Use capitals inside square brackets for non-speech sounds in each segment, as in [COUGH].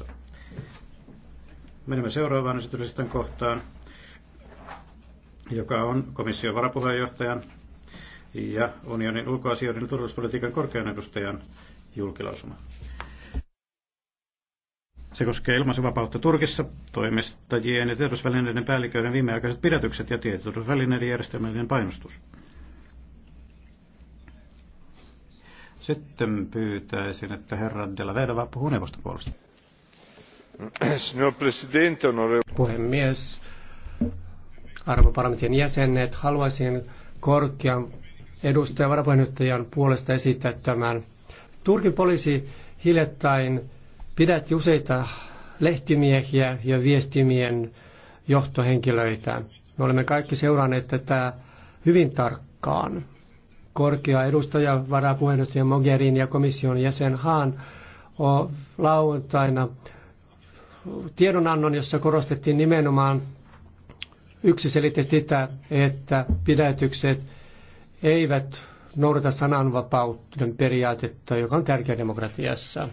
lopussa. Menemme seuraavaan esityslistan kohtaan, joka on komission varapuheenjohtajan ja unionin ulkoasioiden ja turvallisuuspolitiikan korkean edustajan julkilausuma. Se koskee ilmaisuvapautta Turkissa, toimistajien ja tiedotusvälineiden päälliköiden viimeaikaiset pidätykset ja tiedotusvälineiden järjestelmällinen painostus. Sitten pyytäisin, että herra Della Vedova puhuu neuvoston puolesta puhemies arvon parlamentin jäsenet haluaisin korkean edustajan varapuheenjohtajan puolesta esittää tämän. Turkin poliisi hiljattain pidätti useita lehtimiehiä ja viestimien johtohenkilöitä. Me olemme kaikki seuranneet tätä hyvin tarkkaan. Korkea edustaja, varapuheenjohtaja Mogherin ja komission jäsen Haan lauantaina tiedonannon, jossa korostettiin nimenomaan yksiselitteisesti sitä, että pidätykset eivät noudata sananvapauden periaatetta, joka on tärkeä demokratiassa.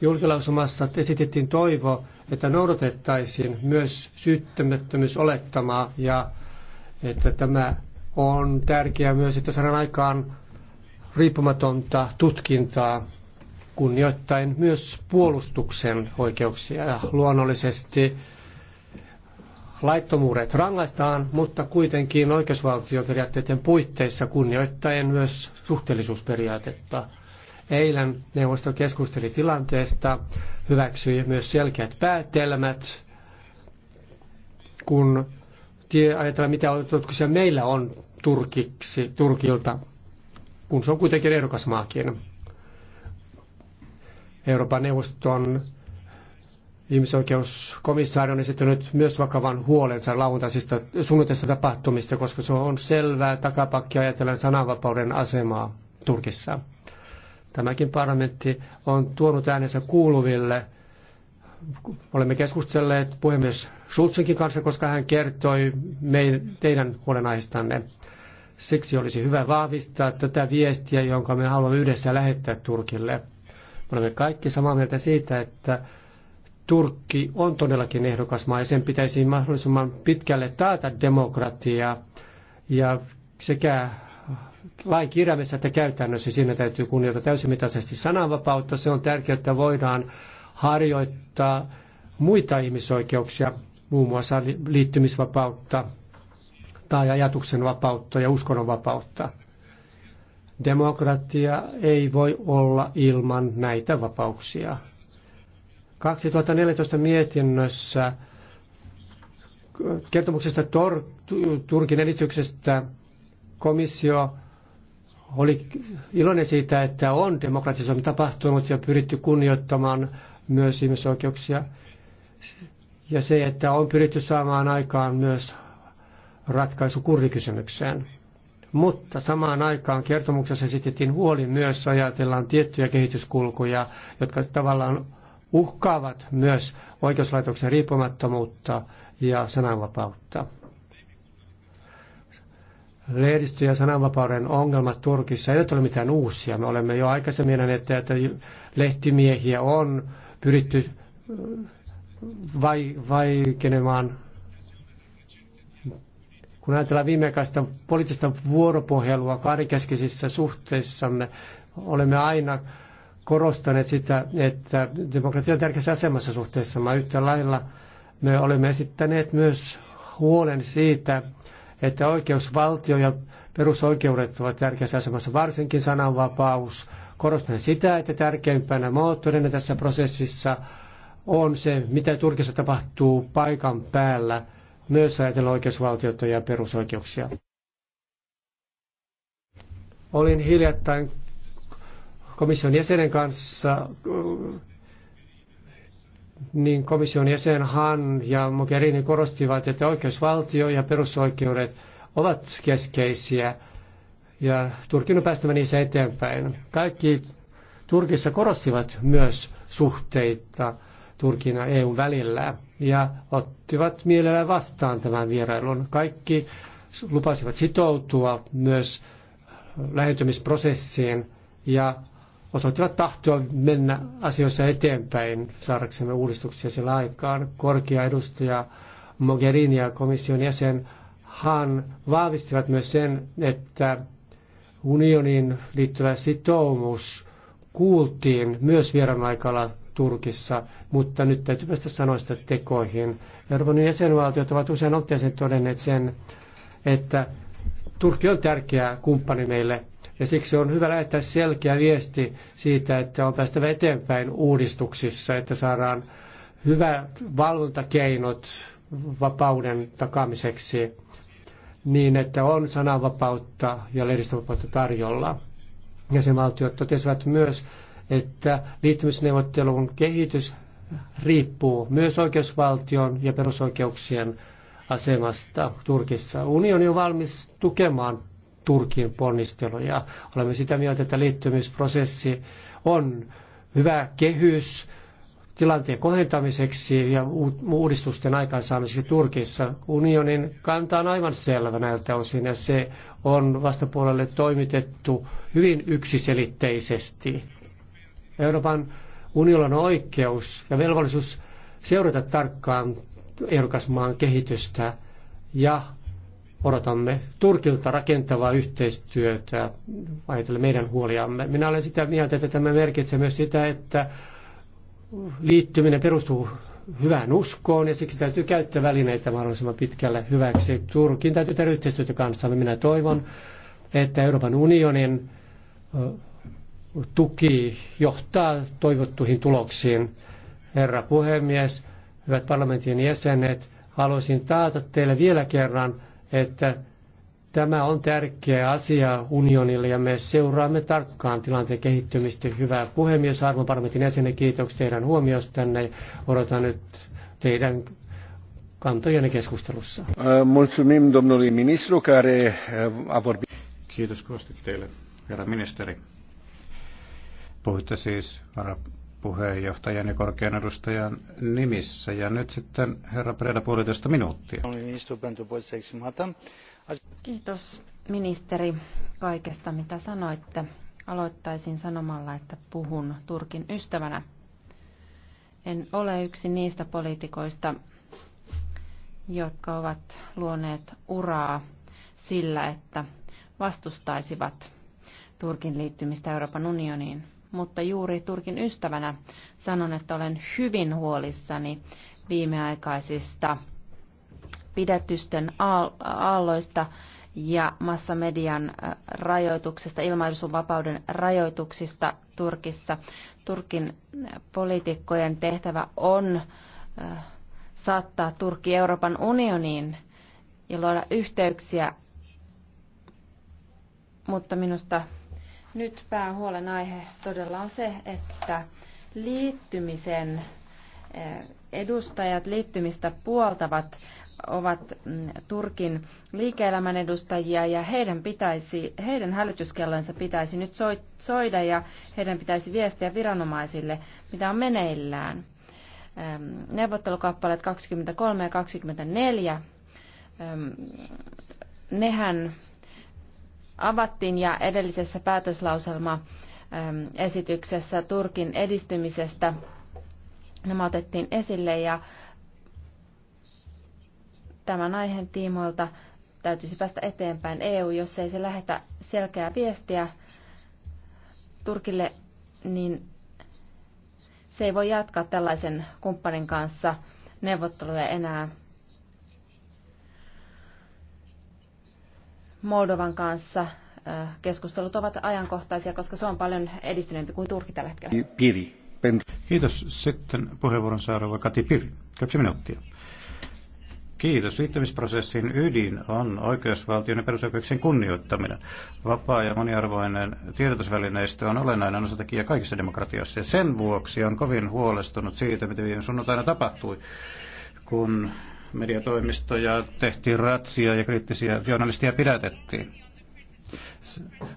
Julkilausumassa esitettiin toivo, että noudatettaisiin myös syyttämättömyysolettamaa ja että tämä on tärkeää myös, että saadaan aikaan riippumatonta tutkintaa kunnioittain myös puolustuksen oikeuksia ja luonnollisesti laittomuudet rangaistaan, mutta kuitenkin oikeusvaltioperiaatteiden puitteissa kunnioittaen myös suhteellisuusperiaatetta. Eilen neuvosto keskusteli tilanteesta, hyväksyi myös selkeät päätelmät, kun ajatellaan mitä odotuksia meillä on Turkiksi, Turkilta, kun se on kuitenkin ehdokasmaakin. Euroopan neuvoston ihmisoikeuskomissaari on esittänyt myös vakavan huolensa lauantaisista sunnuntaisista tapahtumista, koska se on selvää takapakki ajatellen sananvapauden asemaa Turkissa. Tämäkin parlamentti on tuonut äänensä kuuluville. Olemme keskustelleet puhemies Schulzenkin kanssa, koska hän kertoi meidän, teidän huolenaistanne. Siksi olisi hyvä vahvistaa tätä viestiä, jonka me haluamme yhdessä lähettää Turkille. Me olemme kaikki samaa mieltä siitä, että Turkki on todellakin maa ja sen pitäisi mahdollisimman pitkälle taata demokratiaa ja sekä lain kirjaimessa että käytännössä siinä täytyy kunnioittaa täysimitaisesti sananvapautta. Se on tärkeää, että voidaan harjoittaa muita ihmisoikeuksia, muun muassa liittymisvapautta tai ajatuksenvapautta ja uskonnonvapautta. Demokratia ei voi olla ilman näitä vapauksia. 2014 mietinnössä kertomuksesta Tor- Turkin edistyksestä komissio oli iloinen siitä, että on demokratisointi tapahtunut ja pyritty kunnioittamaan myös ihmisoikeuksia. Ja se, että on pyritty saamaan aikaan myös ratkaisu kurdikysymykseen mutta samaan aikaan kertomuksessa esitettiin huoli myös, ajatellaan tiettyjä kehityskulkuja, jotka tavallaan uhkaavat myös oikeuslaitoksen riippumattomuutta ja sananvapautta. Lehdistö- ja sananvapauden ongelmat Turkissa eivät ole mitään uusia. Me olemme jo aikaisemmin nähneet, että lehtimiehiä on pyritty vai, vaikenemaan kun ajatellaan viimeaikaista poliittista vuoropuhelua karikeskeisissä suhteissamme, olemme aina korostaneet sitä, että demokratia on tärkeässä asemassa suhteessa. Yhtä lailla me olemme esittäneet myös huolen siitä, että oikeusvaltio ja perusoikeudet ovat tärkeässä asemassa, varsinkin sananvapaus. Korostan sitä, että tärkeimpänä moottorina tässä prosessissa on se, mitä Turkissa tapahtuu paikan päällä – myös ajatella oikeusvaltiota ja perusoikeuksia. Olin hiljattain komission jäsenen kanssa, niin komission jäsen Han ja Mogherini korostivat, että oikeusvaltio ja perusoikeudet ovat keskeisiä ja Turkin on päästävä niissä eteenpäin. Kaikki Turkissa korostivat myös suhteita Turkin ja EUn välillä ja ottivat mielellään vastaan tämän vierailun. Kaikki lupasivat sitoutua myös lähentymisprosessiin ja osoittivat tahtoa mennä asioissa eteenpäin saadaksemme uudistuksia sillä aikaan. Korkea edustaja Mogherini ja komission jäsen Han vahvistivat myös sen, että unionin liittyvä sitoumus kuultiin myös vieraan aikalla Turkissa, mutta nyt täytyy päästä sitä tekoihin. Euroopan jäsenvaltiot ovat usein otteeseen todenneet sen, että Turkki on tärkeä kumppani meille ja siksi on hyvä lähettää selkeä viesti siitä, että on päästävä eteenpäin uudistuksissa, että saadaan hyvät valvontakeinot vapauden takaamiseksi niin, että on sananvapautta ja lehdistövapautta tarjolla. Jäsenvaltiot totesivat myös, että liittymisneuvottelun kehitys riippuu myös oikeusvaltion ja perusoikeuksien asemasta Turkissa. Unioni on valmis tukemaan Turkin ponnisteluja. Olemme sitä mieltä, että liittymisprosessi on hyvä kehys tilanteen kohentamiseksi ja uudistusten aikaansaamiseksi Turkissa. Unionin kanta on aivan selvä näiltä osin ja se on vastapuolelle toimitettu hyvin yksiselitteisesti. Euroopan unionin on oikeus ja velvollisuus seurata tarkkaan ehdokasmaan kehitystä ja odotamme Turkilta rakentavaa yhteistyötä, ajatellen meidän huoliamme. Minä olen sitä mieltä, että tämä merkitsee myös sitä, että liittyminen perustuu hyvään uskoon ja siksi täytyy käyttää välineitä mahdollisimman pitkälle hyväksi. Turkin täytyy tehdä yhteistyötä kanssamme. Minä toivon, että Euroopan unionin tuki johtaa toivottuihin tuloksiin. Herra puhemies, hyvät parlamentin jäsenet, haluaisin taata teille vielä kerran, että tämä on tärkeä asia unionille ja me seuraamme tarkkaan tilanteen kehittymistä. Hyvää puhemies, arvon parlamentin jäsenet, kiitoksia teidän tänne. Odotan nyt teidän kantojenne keskustelussa. Äh, äh, Kiitos kovasti teille, herra ministeri. Puhuitte siis varapuheenjohtajan ja korkean edustajan nimissä. Ja nyt sitten herra Preda puolitoista minuuttia. Kiitos ministeri kaikesta, mitä sanoitte. Aloittaisin sanomalla, että puhun Turkin ystävänä. En ole yksi niistä poliitikoista, jotka ovat luoneet uraa sillä, että vastustaisivat Turkin liittymistä Euroopan unioniin mutta juuri Turkin ystävänä sanon, että olen hyvin huolissani viimeaikaisista pidetysten aalloista ja massamedian äh, rajoituksesta, ilmaisuvapauden rajoituksista Turkissa. Turkin äh, poliitikkojen tehtävä on äh, saattaa Turkki Euroopan unioniin ja luoda yhteyksiä, mutta minusta nyt päähuolen aihe todella on se, että liittymisen eh, edustajat, liittymistä puoltavat ovat mm, Turkin liike-elämän edustajia ja heidän, pitäisi, heidän hälytyskellonsa pitäisi nyt soida ja heidän pitäisi viestiä viranomaisille, mitä on meneillään. Neuvottelukappaleet 23 ja 24, nehän avattiin ja edellisessä päätöslauselma esityksessä Turkin edistymisestä nämä otettiin esille ja tämän aiheen tiimoilta täytyisi päästä eteenpäin. EU, jos ei se lähetä selkeää viestiä Turkille, niin se ei voi jatkaa tällaisen kumppanin kanssa neuvotteluja enää Moldovan kanssa keskustelut ovat ajankohtaisia, koska se on paljon edistyneempi kuin Turkki tällä hetkellä. Piri. Kiitos. Sitten puheenvuoron seuraava Kati Piri. Kaksi minuuttia. Kiitos. Liittymisprosessin ydin on oikeusvaltion ja perusoikeuksien kunnioittaminen. Vapaa ja moniarvoinen tiedotusvälineistö on olennainen osatekijä kaikissa demokratiassa. Ja sen vuoksi on kovin huolestunut siitä, mitä viime sunnuntaina tapahtui, kun mediatoimistoja, tehtiin ratsia ja kriittisiä journalistia pidätettiin.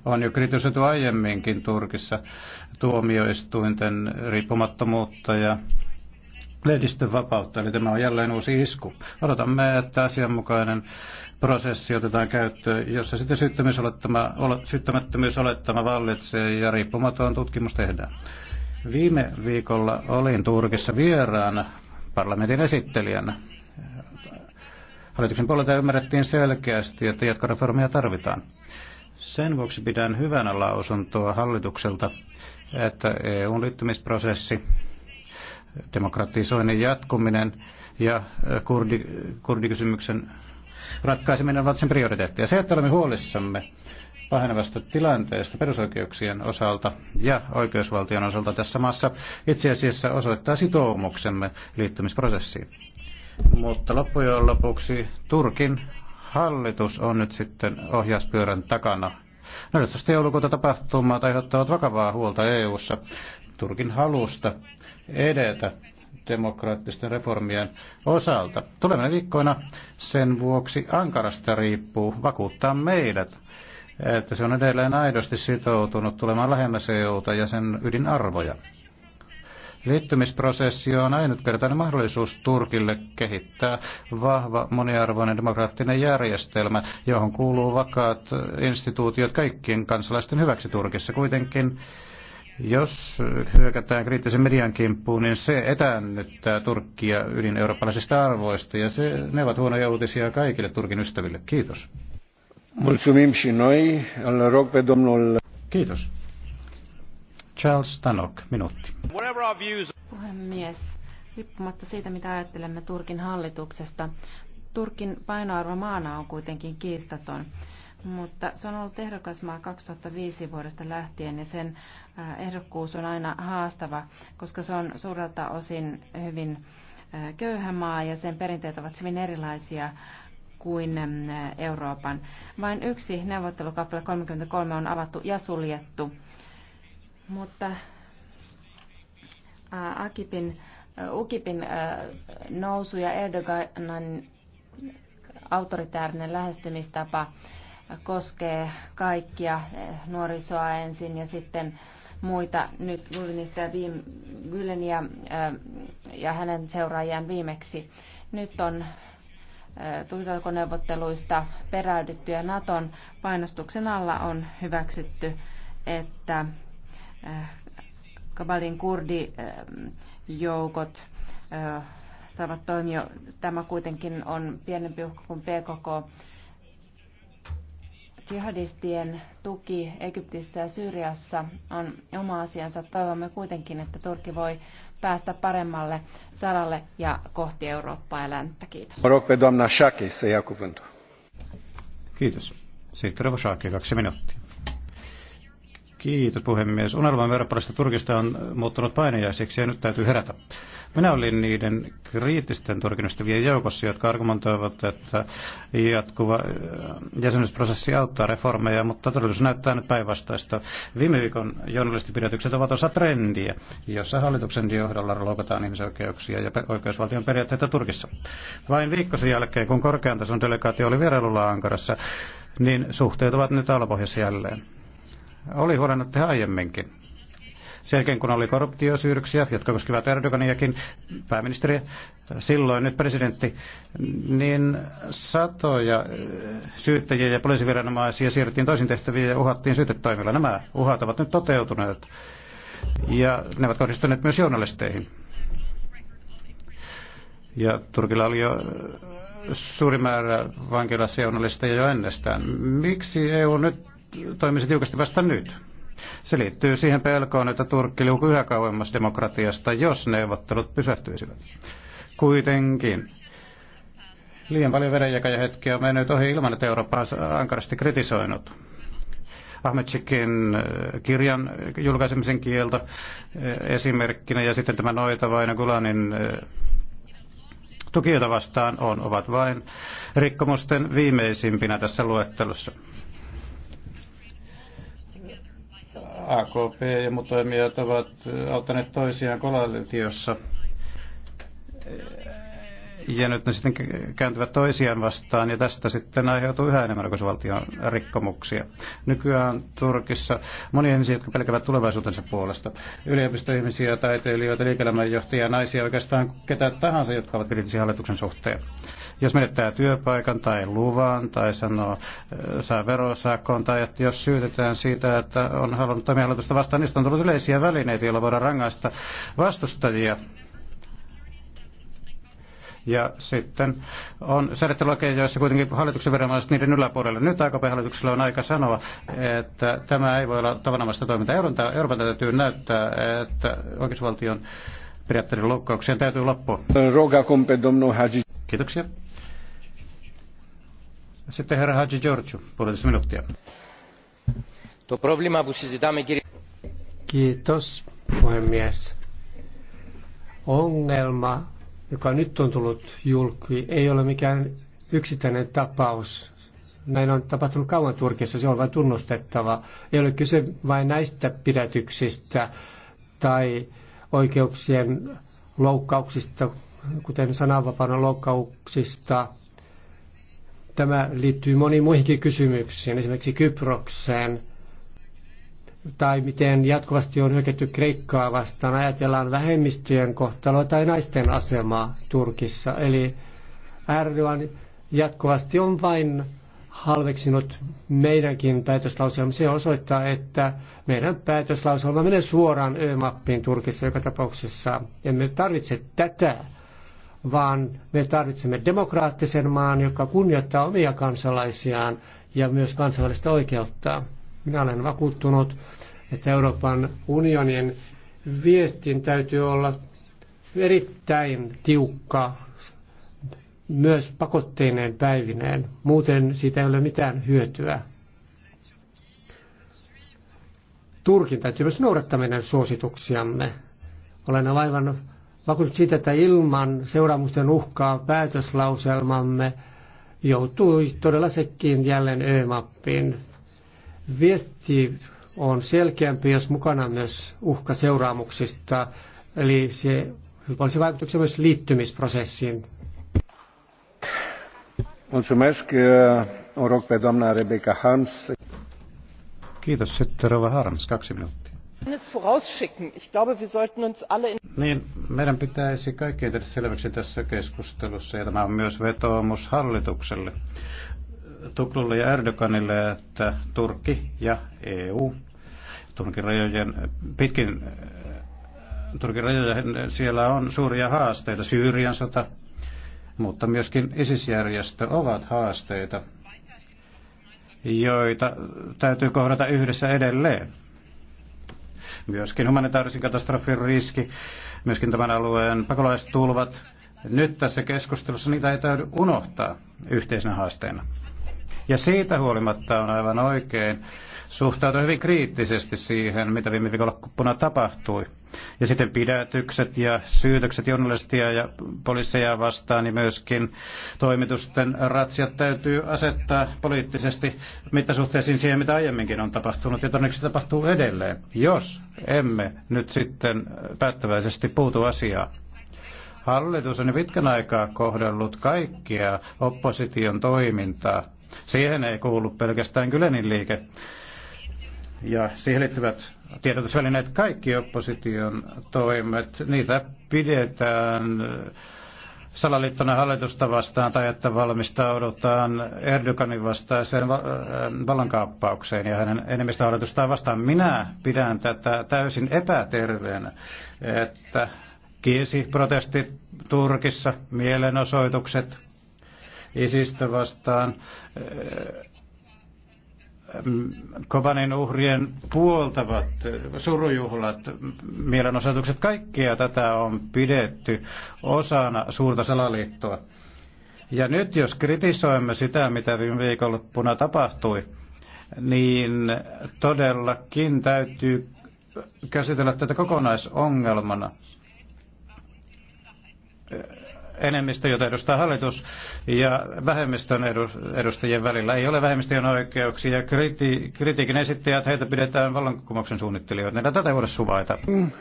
On jo kritisoitu aiemminkin Turkissa tuomioistuinten riippumattomuutta ja lehdistön vapautta, eli tämä on jälleen uusi isku. Odotamme, että asianmukainen prosessi otetaan käyttöön, jossa sitten syyttämättömyysolettama, syyttämättömyysolettama vallitsee ja riippumaton tutkimus tehdään. Viime viikolla olin Turkissa vieraana parlamentin esittelijänä Hallituksen puolelta ymmärrettiin selkeästi, että jatkoreformia tarvitaan. Sen vuoksi pidän hyvänä lausuntoa hallitukselta, että EUn liittymisprosessi, demokratisoinnin jatkuminen ja kurdi, kurdikysymyksen ratkaiseminen ovat sen prioriteetteja. Se, että olemme huolissamme pahenevasta tilanteesta perusoikeuksien osalta ja oikeusvaltion osalta tässä maassa itse asiassa osoittaa sitoumuksemme liittymisprosessiin. Mutta loppujen lopuksi Turkin hallitus on nyt sitten ohjauspyörän takana. 14. joulukuuta tapahtumat aiheuttavat vakavaa huolta EU:ssa Turkin halusta edetä demokraattisten reformien osalta. Tulevina viikkoina sen vuoksi Ankarasta riippuu vakuuttaa meidät, että se on edelleen aidosti sitoutunut tulemaan lähemmäs EUta ja sen ydinarvoja. Liittymisprosessi on ainutkertainen mahdollisuus Turkille kehittää vahva, moniarvoinen demokraattinen järjestelmä, johon kuuluu vakaat instituutiot kaikkien kansalaisten hyväksi Turkissa. Kuitenkin jos hyökätään kriittisen median kimppuun, niin se etäännyttää Turkkia ydin eurooppalaisista arvoista, ja se, ne ovat huonoja uutisia kaikille Turkin ystäville. Kiitos. Mulțumim și noi. Îl rog pe domnul... Kiitos. Charles Tanok, minuutti. Puhemies, riippumatta siitä, mitä ajattelemme Turkin hallituksesta, Turkin painoarvo maana on kuitenkin kiistaton mutta se on ollut ehdokasmaa 2005 vuodesta lähtien ja sen äh, ehdokkuus on aina haastava, koska se on suurelta osin hyvin äh, köyhä maa ja sen perinteet ovat hyvin erilaisia kuin ähm, Euroopan. Vain yksi neuvottelukappale 33 on avattu ja suljettu. Mutta äh, Akipin, äh, Ukipin äh, nousu ja Erdoganin autoritäärinen lähestymistapa koskee kaikkia nuorisoa ensin ja sitten muita, nyt Gulenista ja viime, Gyleniä ja hänen seuraajiaan viimeksi. Nyt on tulitaukoneuvotteluista peräydytty ja Naton painostuksen alla on hyväksytty, että Äh, Kabalin kurdijoukot äh, saavat toimia. Tämä kuitenkin on pienempi uhka kuin PKK. Jihadistien tuki Egyptissä ja Syyriassa on oma asiansa. Toivomme kuitenkin, että Turkki voi päästä paremmalle saralle ja kohti Eurooppaa ja länttä. Kiitos. Kiitos. Sitten Shaki, kaksi minuuttia. Kiitos puhemies. Unelman eurooppalaisesta Turkista on muuttunut painajaiseksi ja nyt täytyy herätä. Minä olin niiden kriittisten Turkin joukossa, jotka argumentoivat, että jatkuva äh, jäsenyysprosessi auttaa reformeja, mutta todellisuus näyttää nyt päinvastaista. Viime viikon journalistipidätykset ovat osa trendiä, jossa hallituksen johdolla loukataan ihmisoikeuksia ja oikeusvaltion periaatteita Turkissa. Vain viikkosen jälkeen, kun korkean tason delegaatio oli vierailulla Ankarassa, niin suhteet ovat nyt alapohjassa jälleen oli huolennut aiemminkin. Sen jälkeen kun oli korruptiosyydyksiä, jotka koskivat Erdoganiakin, pääministeri, silloin nyt presidentti, niin satoja äh, syyttäjiä ja poliisiviranomaisia siirrettiin toisin tehtäviin ja uhattiin syytetoimilla. Nämä uhat ovat nyt toteutuneet ja ne ovat kohdistuneet myös journalisteihin. Ja Turkilla oli jo äh, suuri määrä vankilassa journalisteja jo ennestään. Miksi EU nyt toimisi tiukasti vasta nyt. Se liittyy siihen pelkoon, että Turkki liukuu yhä kauemmas demokratiasta, jos neuvottelut pysähtyisivät. Kuitenkin liian paljon hetkiä on mennyt ohi ilman, että Eurooppa on ankarasti kritisoinut. Ahmetsikin eh, kirjan julkaisemisen kielto eh, esimerkkinä ja sitten tämä noita Vaina Gulanin eh, tukijoita vastaan on, ovat vain rikkomusten viimeisimpinä tässä luettelussa. AKP ja muut toimijat ovat auttaneet toisiaan kolaliitiossa. Ja nyt ne sitten kääntyvät toisiaan vastaan ja tästä sitten aiheutuu yhä enemmän rikosvaltion rikkomuksia. Nykyään Turkissa monia ihmisiä, jotka pelkävät tulevaisuutensa puolesta. Yliopistoihmisiä, taiteilijoita, liike-elämän johtajia, naisia, oikeastaan ketä tahansa, jotka ovat kriittisiä hallituksen suhteen. Jos menettää työpaikan tai luvan tai sanoo, saa verosakon tai että jos syytetään siitä, että on halunnut toimia hallitusta vastaan, niistä on tullut yleisiä välineitä, joilla voidaan rangaista vastustajia. Ja sitten on säädetty lakeja, joissa kuitenkin hallituksen viranomaiset niiden yläpuolelle. Nyt AKP-hallituksella on aika sanoa, että tämä ei voi olla tavanomaista toimintaa. Euroopan, Euroopan täytyy näyttää, että oikeusvaltion periaatteiden loukkauksien täytyy loppua. Kiitoksia. Sitten herra puolitoista minuuttia. problema, Kiitos, puhemies. Ongelma, joka nyt on tullut julki, ei ole mikään yksittäinen tapaus. Näin on tapahtunut kauan Turkissa, se on vain tunnustettava. Ei ole kyse vain näistä pidätyksistä tai oikeuksien loukkauksista, kuten sananvapauden loukkauksista Tämä liittyy moniin muihinkin kysymyksiin, esimerkiksi Kyprokseen, tai miten jatkuvasti on hyökätty Kreikkaa vastaan. Ajatellaan vähemmistöjen kohtaloa tai naisten asemaa Turkissa. Eli Erdogan jatkuvasti on vain halveksinut meidänkin päätöslauselma. Se osoittaa, että meidän päätöslauselma menee suoraan Ö-Mappiin Turkissa joka tapauksessa. Emme tarvitse tätä vaan me tarvitsemme demokraattisen maan, joka kunnioittaa omia kansalaisiaan ja myös kansainvälistä oikeutta. Minä olen vakuuttunut, että Euroopan unionin viestin täytyy olla erittäin tiukka myös pakotteineen päivineen. Muuten siitä ei ole mitään hyötyä. Turkin täytyy myös noudattaa meidän suosituksiamme. Olen aivan vakuutunut siitä, että ilman seuraamusten uhkaa päätöslauselmamme joutui todella sekin jälleen öömappiin. Viesti on selkeämpi, jos mukana myös uhka seuraamuksista, eli se olisi vaikutuksia myös liittymisprosessiin. Mulțumesc. E, o rog pe doamna Rebecca Hans? Kiitos. Sitten Rova Harms, kaksi minuuttia. Niin, meidän pitäisi kaikkien tehdä selväksi tässä keskustelussa, ja tämä on myös vetoomus hallitukselle, Tuklulle ja Erdoganille, että Turkki ja EU, Turkin rajojen, pitkin Turkin rajoja siellä on suuria haasteita, Syyrian sota, mutta myöskin ISIS-järjestö ovat haasteita, joita täytyy kohdata yhdessä edelleen myöskin humanitaarisen katastrofin riski, myöskin tämän alueen pakolaistulvat. Nyt tässä keskustelussa niitä ei täydy unohtaa yhteisenä haasteena. Ja siitä huolimatta on aivan oikein, suhtautui hyvin kriittisesti siihen, mitä viime viikonloppuna tapahtui. Ja sitten pidätykset ja syytökset journalistia ja poliiseja vastaan, niin myöskin toimitusten ratsiat täytyy asettaa poliittisesti mittasuhteisiin siihen, mitä aiemminkin on tapahtunut, ja todennäköisesti tapahtuu edelleen, jos emme nyt sitten päättäväisesti puutu asiaan. Hallitus on jo pitkän aikaa kohdellut kaikkia opposition toimintaa. Siihen ei kuulu pelkästään Gylenin liike, ja siihen liittyvät tiedotusvälineet, kaikki opposition toimet, niitä pidetään salaliittona hallitusta vastaan tai että valmistaudutaan Erdoganin vastaiseen vallankaappaukseen äh, ja hänen enemmistöhallitustaan vastaan. Minä pidän tätä täysin epäterveenä, että kiesi protesti Turkissa, mielenosoitukset ISIStä vastaan, Kovanin uhrien puoltavat surujuhlat, mielenosoitukset, kaikkea tätä on pidetty osana suurta salaliittoa. Ja nyt jos kritisoimme sitä, mitä viime viikonloppuna tapahtui, niin todellakin täytyy käsitellä tätä kokonaisongelmana enemmistö, jota edustaa hallitus, ja vähemmistön edustajien välillä. Ei ole vähemmistön oikeuksia. Kriti- kritiikin esittäjät, heitä pidetään vallankumouksen suunnittelijoita. Näitä tätä ei voida suvaita. Mm, ähm,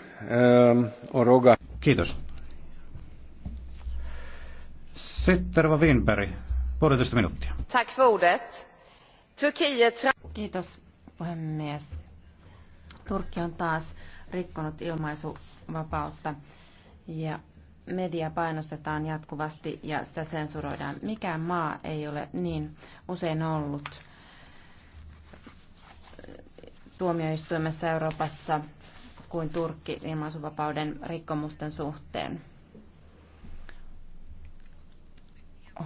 Oroga. Kiitos. Sitten Rova Winberg, puolitoista minuuttia. Kiitos, puhemies. Turkki on taas rikkonut ilmaisuvapautta ja media painostetaan jatkuvasti ja sitä sensuroidaan. Mikään maa ei ole niin usein ollut eh, tuomioistuimessa Euroopassa kuin Turkki ilmaisuvapauden rikkomusten suhteen.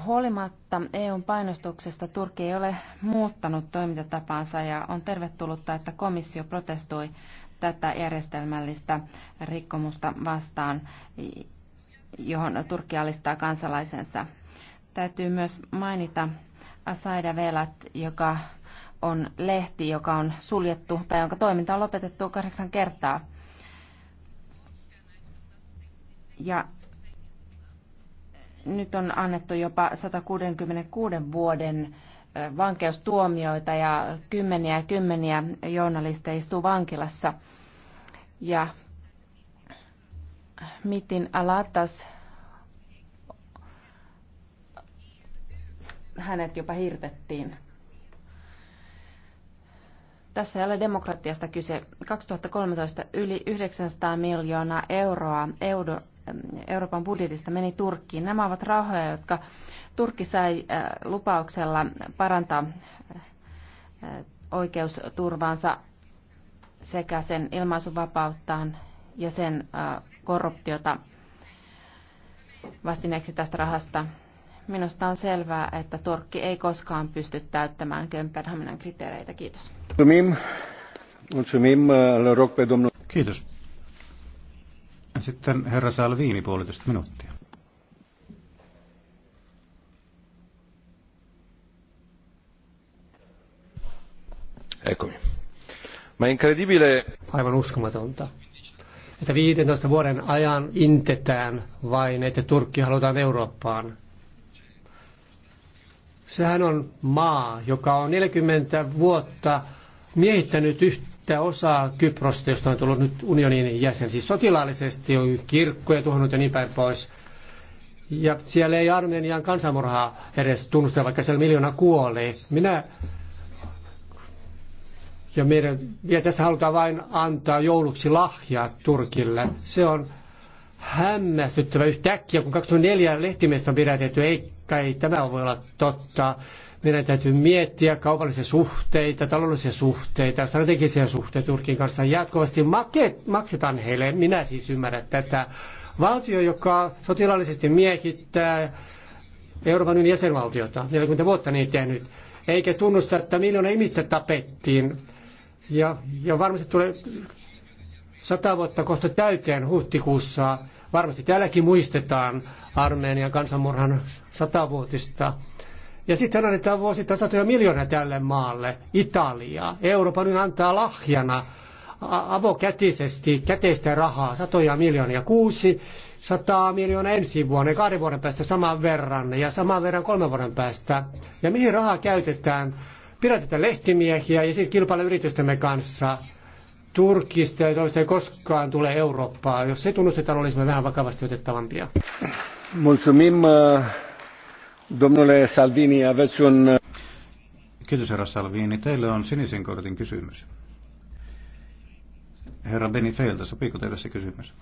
Huolimatta EUn painostuksesta Turkki ei ole muuttanut toimintatapaansa ja on tervetullutta, että komissio protestoi tätä järjestelmällistä rikkomusta vastaan johon Turkki alistaa kansalaisensa. Täytyy myös mainita Asaida Velat, joka on lehti, joka on suljettu tai jonka toiminta on lopetettu kahdeksan kertaa. Ja nyt on annettu jopa 166 vuoden vankeustuomioita ja kymmeniä ja kymmeniä journalisteja istuu vankilassa. Ja Mitin Alatas, hänet jopa hirtettiin. Tässä ei ole demokratiasta kyse. 2013 yli 900 miljoonaa euroa euro, Euroopan budjetista meni Turkkiin. Nämä ovat rahoja, jotka Turkki sai äh, lupauksella parantaa äh, oikeusturvaansa sekä sen ilmaisuvapauttaan ja sen äh, korruptiota vastineeksi tästä rahasta. Minusta on selvää, että Turkki ei koskaan pysty täyttämään Kömpenhaminan kriteereitä. Kiitos. Kiitos. Sitten herra Salviini puolitoista minuuttia. Ma incredibile. Aivan uskomatonta että 15 vuoden ajan intetään vain, että Turkki halutaan Eurooppaan. Sehän on maa, joka on 40 vuotta miehittänyt yhtä osaa Kyprosta, josta on tullut nyt unionin jäsen. Siis sotilaallisesti on kirkkoja tuhonnut ja niin päin pois. Ja siellä ei Armenian kansanmurhaa edes tunnusta, vaikka siellä miljoona kuoli. Minä ja, meidän, ja tässä halutaan vain antaa jouluksi lahjaa Turkille. Se on hämmästyttävä yhtäkkiä, kun 24 lehtimiestä on pidätetty. Ei kai tämä voi olla totta. Meidän täytyy miettiä kaupallisia suhteita, taloudellisia suhteita, strategisia suhteita Turkin kanssa. Jatkuvasti maket, maksetaan heille, minä siis ymmärrän tätä. Valtio, joka sotilaallisesti miehittää Euroopan unionin jäsenvaltiota, 40 vuotta niin tehnyt, eikä tunnusta, että miljoona ihmistä tapettiin ja, ja varmasti tulee sata vuotta kohta täyteen huhtikuussa. Varmasti täälläkin muistetaan Armeenian kansanmurhan satavuotista. Ja sitten annetaan vuosittain satoja miljoonia tälle maalle, Italia. Euroopan nyt antaa lahjana avokätisesti käteistä rahaa, satoja miljoonia, kuusi, sataa miljoonaa ensi vuonna, kahden vuoden päästä saman verran ja saman verran kolmen vuoden päästä. Ja mihin rahaa käytetään? pidätetä lehtimiehiä ja sitten kilpailla yritystemme kanssa. Turkista, toista ei koskaan tule Eurooppaa. Jos se tunnustetaan, olisimme vähän vakavasti otettavampia. Mulțumim, uh, domnule Salvini, aveți un... Uh, Kiitos, herra Salvini. Teille on sinisen kortin kysymys. Herra Feilta, sopiiko teille se kysymys?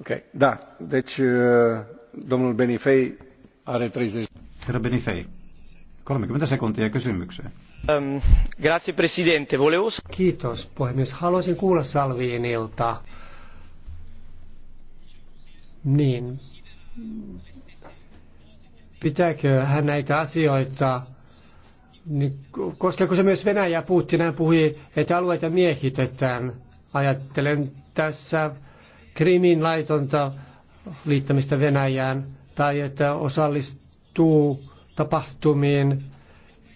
Okei, okay. da. Deci, uh, domnul Benifei are 30... Herra Benifei, 30 sekuntia kysymykseen. Um, grazie presidente. Volevo... Kiitos puhemies. Haluaisin kuulla Salviinilta. Niin. Pitääkö hän näitä asioita, niin koskeeko se myös Venäjä? Putin hän puhui, että alueita miehitetään. Ajattelen tässä Krimin laitonta liittämistä Venäjään tai että osallistuu tapahtumiin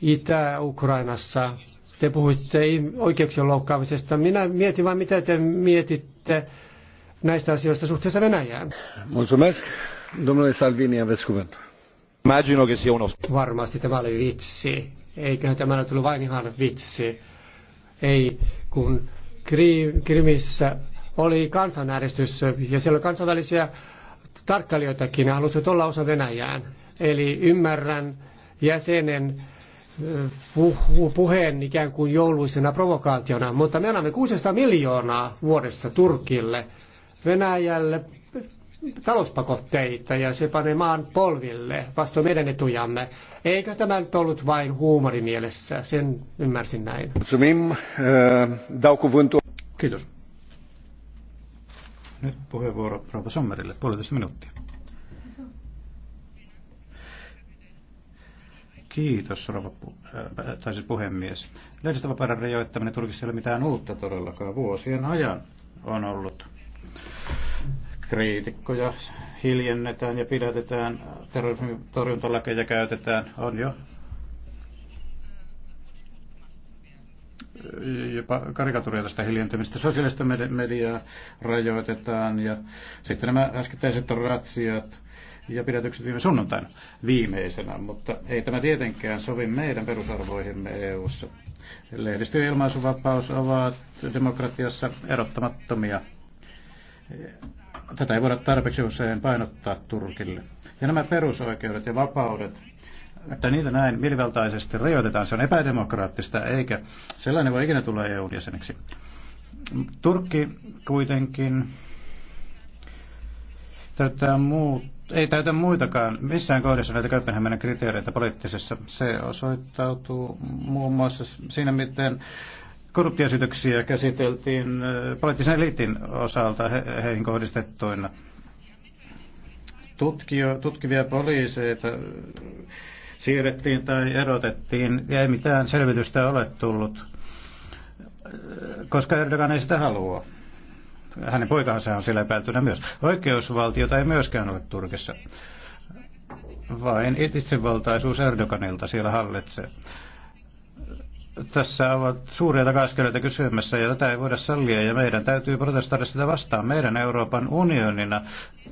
Itä-Ukrainassa. Te puhuitte oikeuksien loukkaamisesta. Minä mietin vain, mitä te mietitte näistä asioista suhteessa Venäjään. Mulțumesc. Domnule Salvini, aveți cuvânt. Imagino che sia uno... Varmasti tämä oli vitsi. Eiköhän tämä ole tullut vain ihan vitsi. Ei, kun Krimissä oli kansanäänestys ja siellä oli kansainvälisiä tarkkailijoitakin ja halusivat olla osa Venäjään Eli ymmärrän jäsenen eh, puheen ikään kuin jouluisena provokaationa, mutta me annamme 600 miljoonaa vuodessa Turkille, Venäjälle talouspakotteita ja se panee maan polville vastoin meidän etujamme. Eikö tämä nyt ollut vain huumori mielessä? Sen ymmärsin näin. Eh, Kiitos. Nyt puheenvuoro Rauva Sommerille, puolitoista minuuttia. Kiitos, rouva pu- äh, äh tai siis puhemies. Lehdistövapauden rajoittaminen Turkissa ei ole mitään uutta todellakaan. Vuosien ajan on ollut kriitikkoja hiljennetään ja pidätetään, terrorismin torjuntalakeja käytetään, on jo jopa karikaturia tästä hiljentämistä. Sosiaalista mediaa rajoitetaan ja sitten nämä äskettäiset ratsiat ja pidätykset viime sunnuntaina viimeisenä, mutta ei tämä tietenkään sovi meidän perusarvoihimme EU-ssa. Lehdistö- ja ilmaisuvapaus ovat demokratiassa erottamattomia. Tätä ei voida tarpeeksi usein painottaa Turkille. Ja nämä perusoikeudet ja vapaudet, että niitä näin mielivaltaisesti rajoitetaan, se on epädemokraattista, eikä sellainen voi ikinä tulla EU-jäseneksi. Turkki kuitenkin täyttää muut, ei täytä muitakaan missään kohdassa näitä Kööpenhaminan kriteereitä poliittisessa. Se osoittautuu muun muassa siinä, miten korruptiosyytöksiä käsiteltiin poliittisen eliitin osalta he, heihin kohdistettuina. Tutkio, tutkivia poliiseita siirrettiin tai erotettiin, ja ei mitään selvitystä ole tullut, koska Erdogan ei sitä halua hänen poikansa on siellä epäiltynä myös. Oikeusvaltiota ei myöskään ole Turkissa, vain itsevaltaisuus Erdoganilta siellä hallitsee. Tässä ovat suuria takaiskeleita kysymässä ja tätä ei voida sallia ja meidän täytyy protestoida sitä vastaan. Meidän Euroopan unionina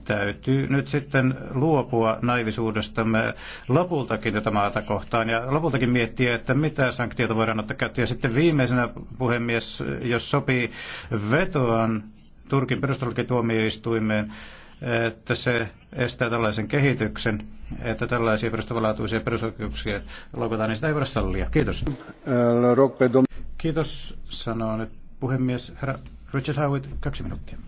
täytyy nyt sitten luopua naivisuudestamme lopultakin tätä maata kohtaan ja lopultakin miettiä, että mitä sanktioita voidaan ottaa käyttöön. Ja sitten viimeisenä puhemies, jos sopii, vetoan Turkin perustuslakituomioistuimeen, että se estää tällaisen kehityksen, että tällaisia perustavanlaatuisia perusoikeuksia loukataan, niin sitä ei voida sallia. Kiitos. Kiitos, sanoo nyt puhemies herra Richard Howitt, kaksi minuuttia.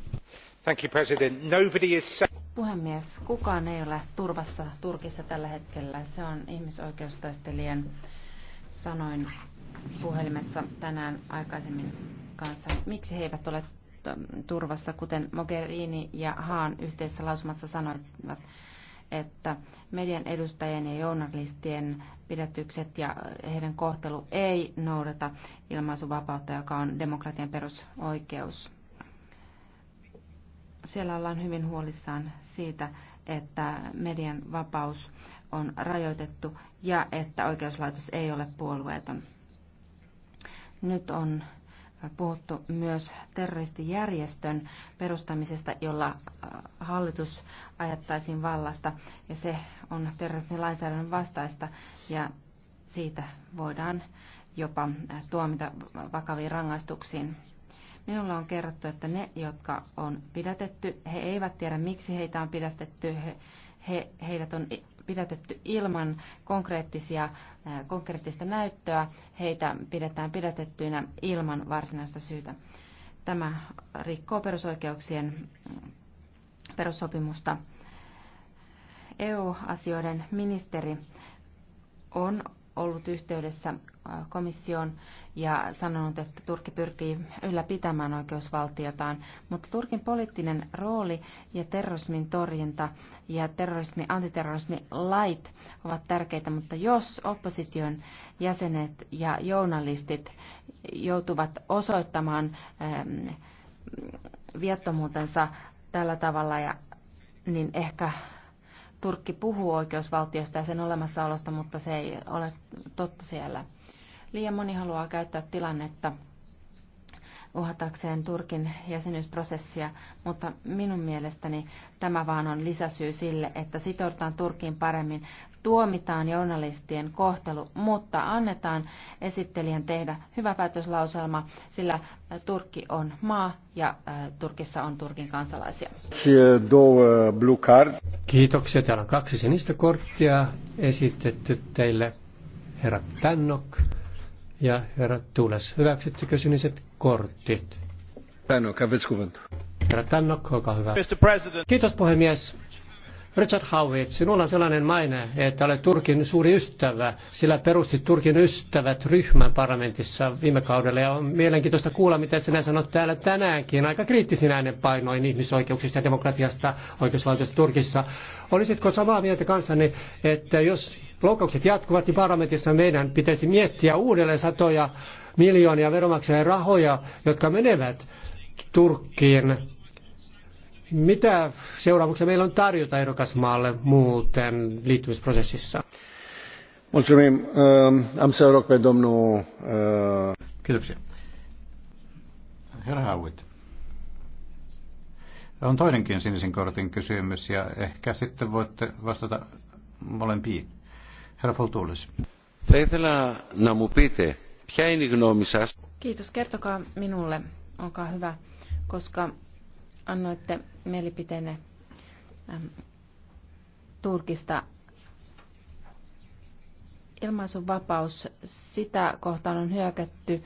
Thank you, President. Nobody is... Puhemies, kukaan ei ole turvassa Turkissa tällä hetkellä. Se on ihmisoikeustaistelijan sanoin puhelimessa tänään aikaisemmin kanssa. Miksi he eivät ole Ähm, turvassa, kuten Mogherini ja Haan yhteisessä lausumassa sanoivat, että median edustajien ja journalistien pidätykset ja äh, heidän kohtelu ei noudata ilmaisuvapautta, joka on demokratian perusoikeus. Siellä ollaan hyvin huolissaan siitä, että median vapaus on rajoitettu ja että oikeuslaitos ei ole puolueeton. Nyt on puhuttu myös terroristijärjestön perustamisesta, jolla äh, hallitus ajattaisiin vallasta, ja se on terrorismilainsäädännön vastaista, ja siitä voidaan jopa äh, tuomita vakaviin rangaistuksiin. Minulla on kerrottu, että ne, jotka on pidätetty, he eivät tiedä, miksi heitä on pidätetty. He, he, heidät on pidätetty ilman konkreettisia, konkreettista näyttöä. Heitä pidetään pidätettyinä ilman varsinaista syytä. Tämä rikkoo perusoikeuksien perussopimusta. EU-asioiden ministeri on ollut yhteydessä komissioon ja sanonut, että Turkki pyrkii ylläpitämään oikeusvaltiotaan, mutta Turkin poliittinen rooli ja terrorismin torjunta ja terrorismi, antiterrorismi lait ovat tärkeitä, mutta jos opposition jäsenet ja journalistit joutuvat osoittamaan viattomuutensa tällä tavalla ja niin ehkä Turkki puhuu oikeusvaltiosta ja sen olemassaolosta, mutta se ei ole totta siellä. Liian moni haluaa käyttää tilannetta uhatakseen Turkin jäsenyysprosessia, mutta minun mielestäni tämä vaan on lisäsyy sille, että sitoudutaan Turkiin paremmin tuomitaan journalistien kohtelu, mutta annetaan esittelijän tehdä hyvä päätöslauselma, sillä Turkki on maa ja Turkissa on Turkin kansalaisia. Kiitoksia. Täällä on kaksi sinistä korttia esitetty teille, herra Tannok ja herra Tules. Hyväksyttekö siniset kortit? Tannok, Herra Tannok, olkaa hyvä. Mr. President. Kiitos puhemies Richard Howitt, sinulla on sellainen maine, että olet Turkin suuri ystävä, sillä perusti Turkin ystävät ryhmän parlamentissa viime kaudella. Ja on mielenkiintoista kuulla, mitä sinä sanot täällä tänäänkin. Aika kriittisin äänenpainoin ihmisoikeuksista ja demokratiasta oikeuslaitosta Turkissa. Olisitko samaa mieltä kanssani, että jos loukkaukset jatkuvat, niin parlamentissa meidän pitäisi miettiä uudelleen satoja miljoonia veronmaksajien rahoja, jotka menevät Turkkiin mitä seuraamuksia meillä on tarjota ehdokasmaalle muuten liittymisprosessissa? Mulțumim. Ehm, am să rog pe domnul... Ehm, Kiitoksia. Herra Hauit. On toinenkin sinisen kortin kysymys ja ehkä sitten voitte vastata molempiin. Herra Foltuulis. Kiitos. Kertokaa minulle, olkaa hyvä, koska annoitte mielipiteenne Turkista. Ilmaisunvapaus, sitä kohtaan on hyökätty.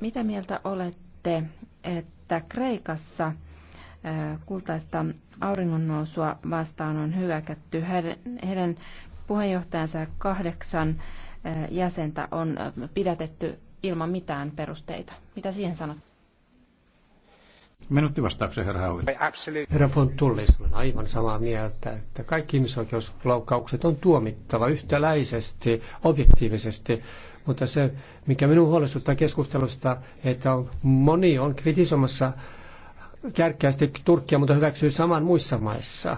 Mitä mieltä olette, että Kreikassa kultaista auringonnousua vastaan on hyökätty? Heidän puheenjohtajansa kahdeksan jäsentä on pidätetty ilman mitään perusteita. Mitä siihen sanot? Minuutti vastauksen, herra Hauvi. Herra olen aivan samaa mieltä, että kaikki ihmisoikeusloukkaukset on tuomittava yhtäläisesti, objektiivisesti, mutta se, mikä minun huolestuttaa keskustelusta, että on, moni on kritisoimassa kärkkäästi Turkkia, mutta hyväksyy saman muissa maissa.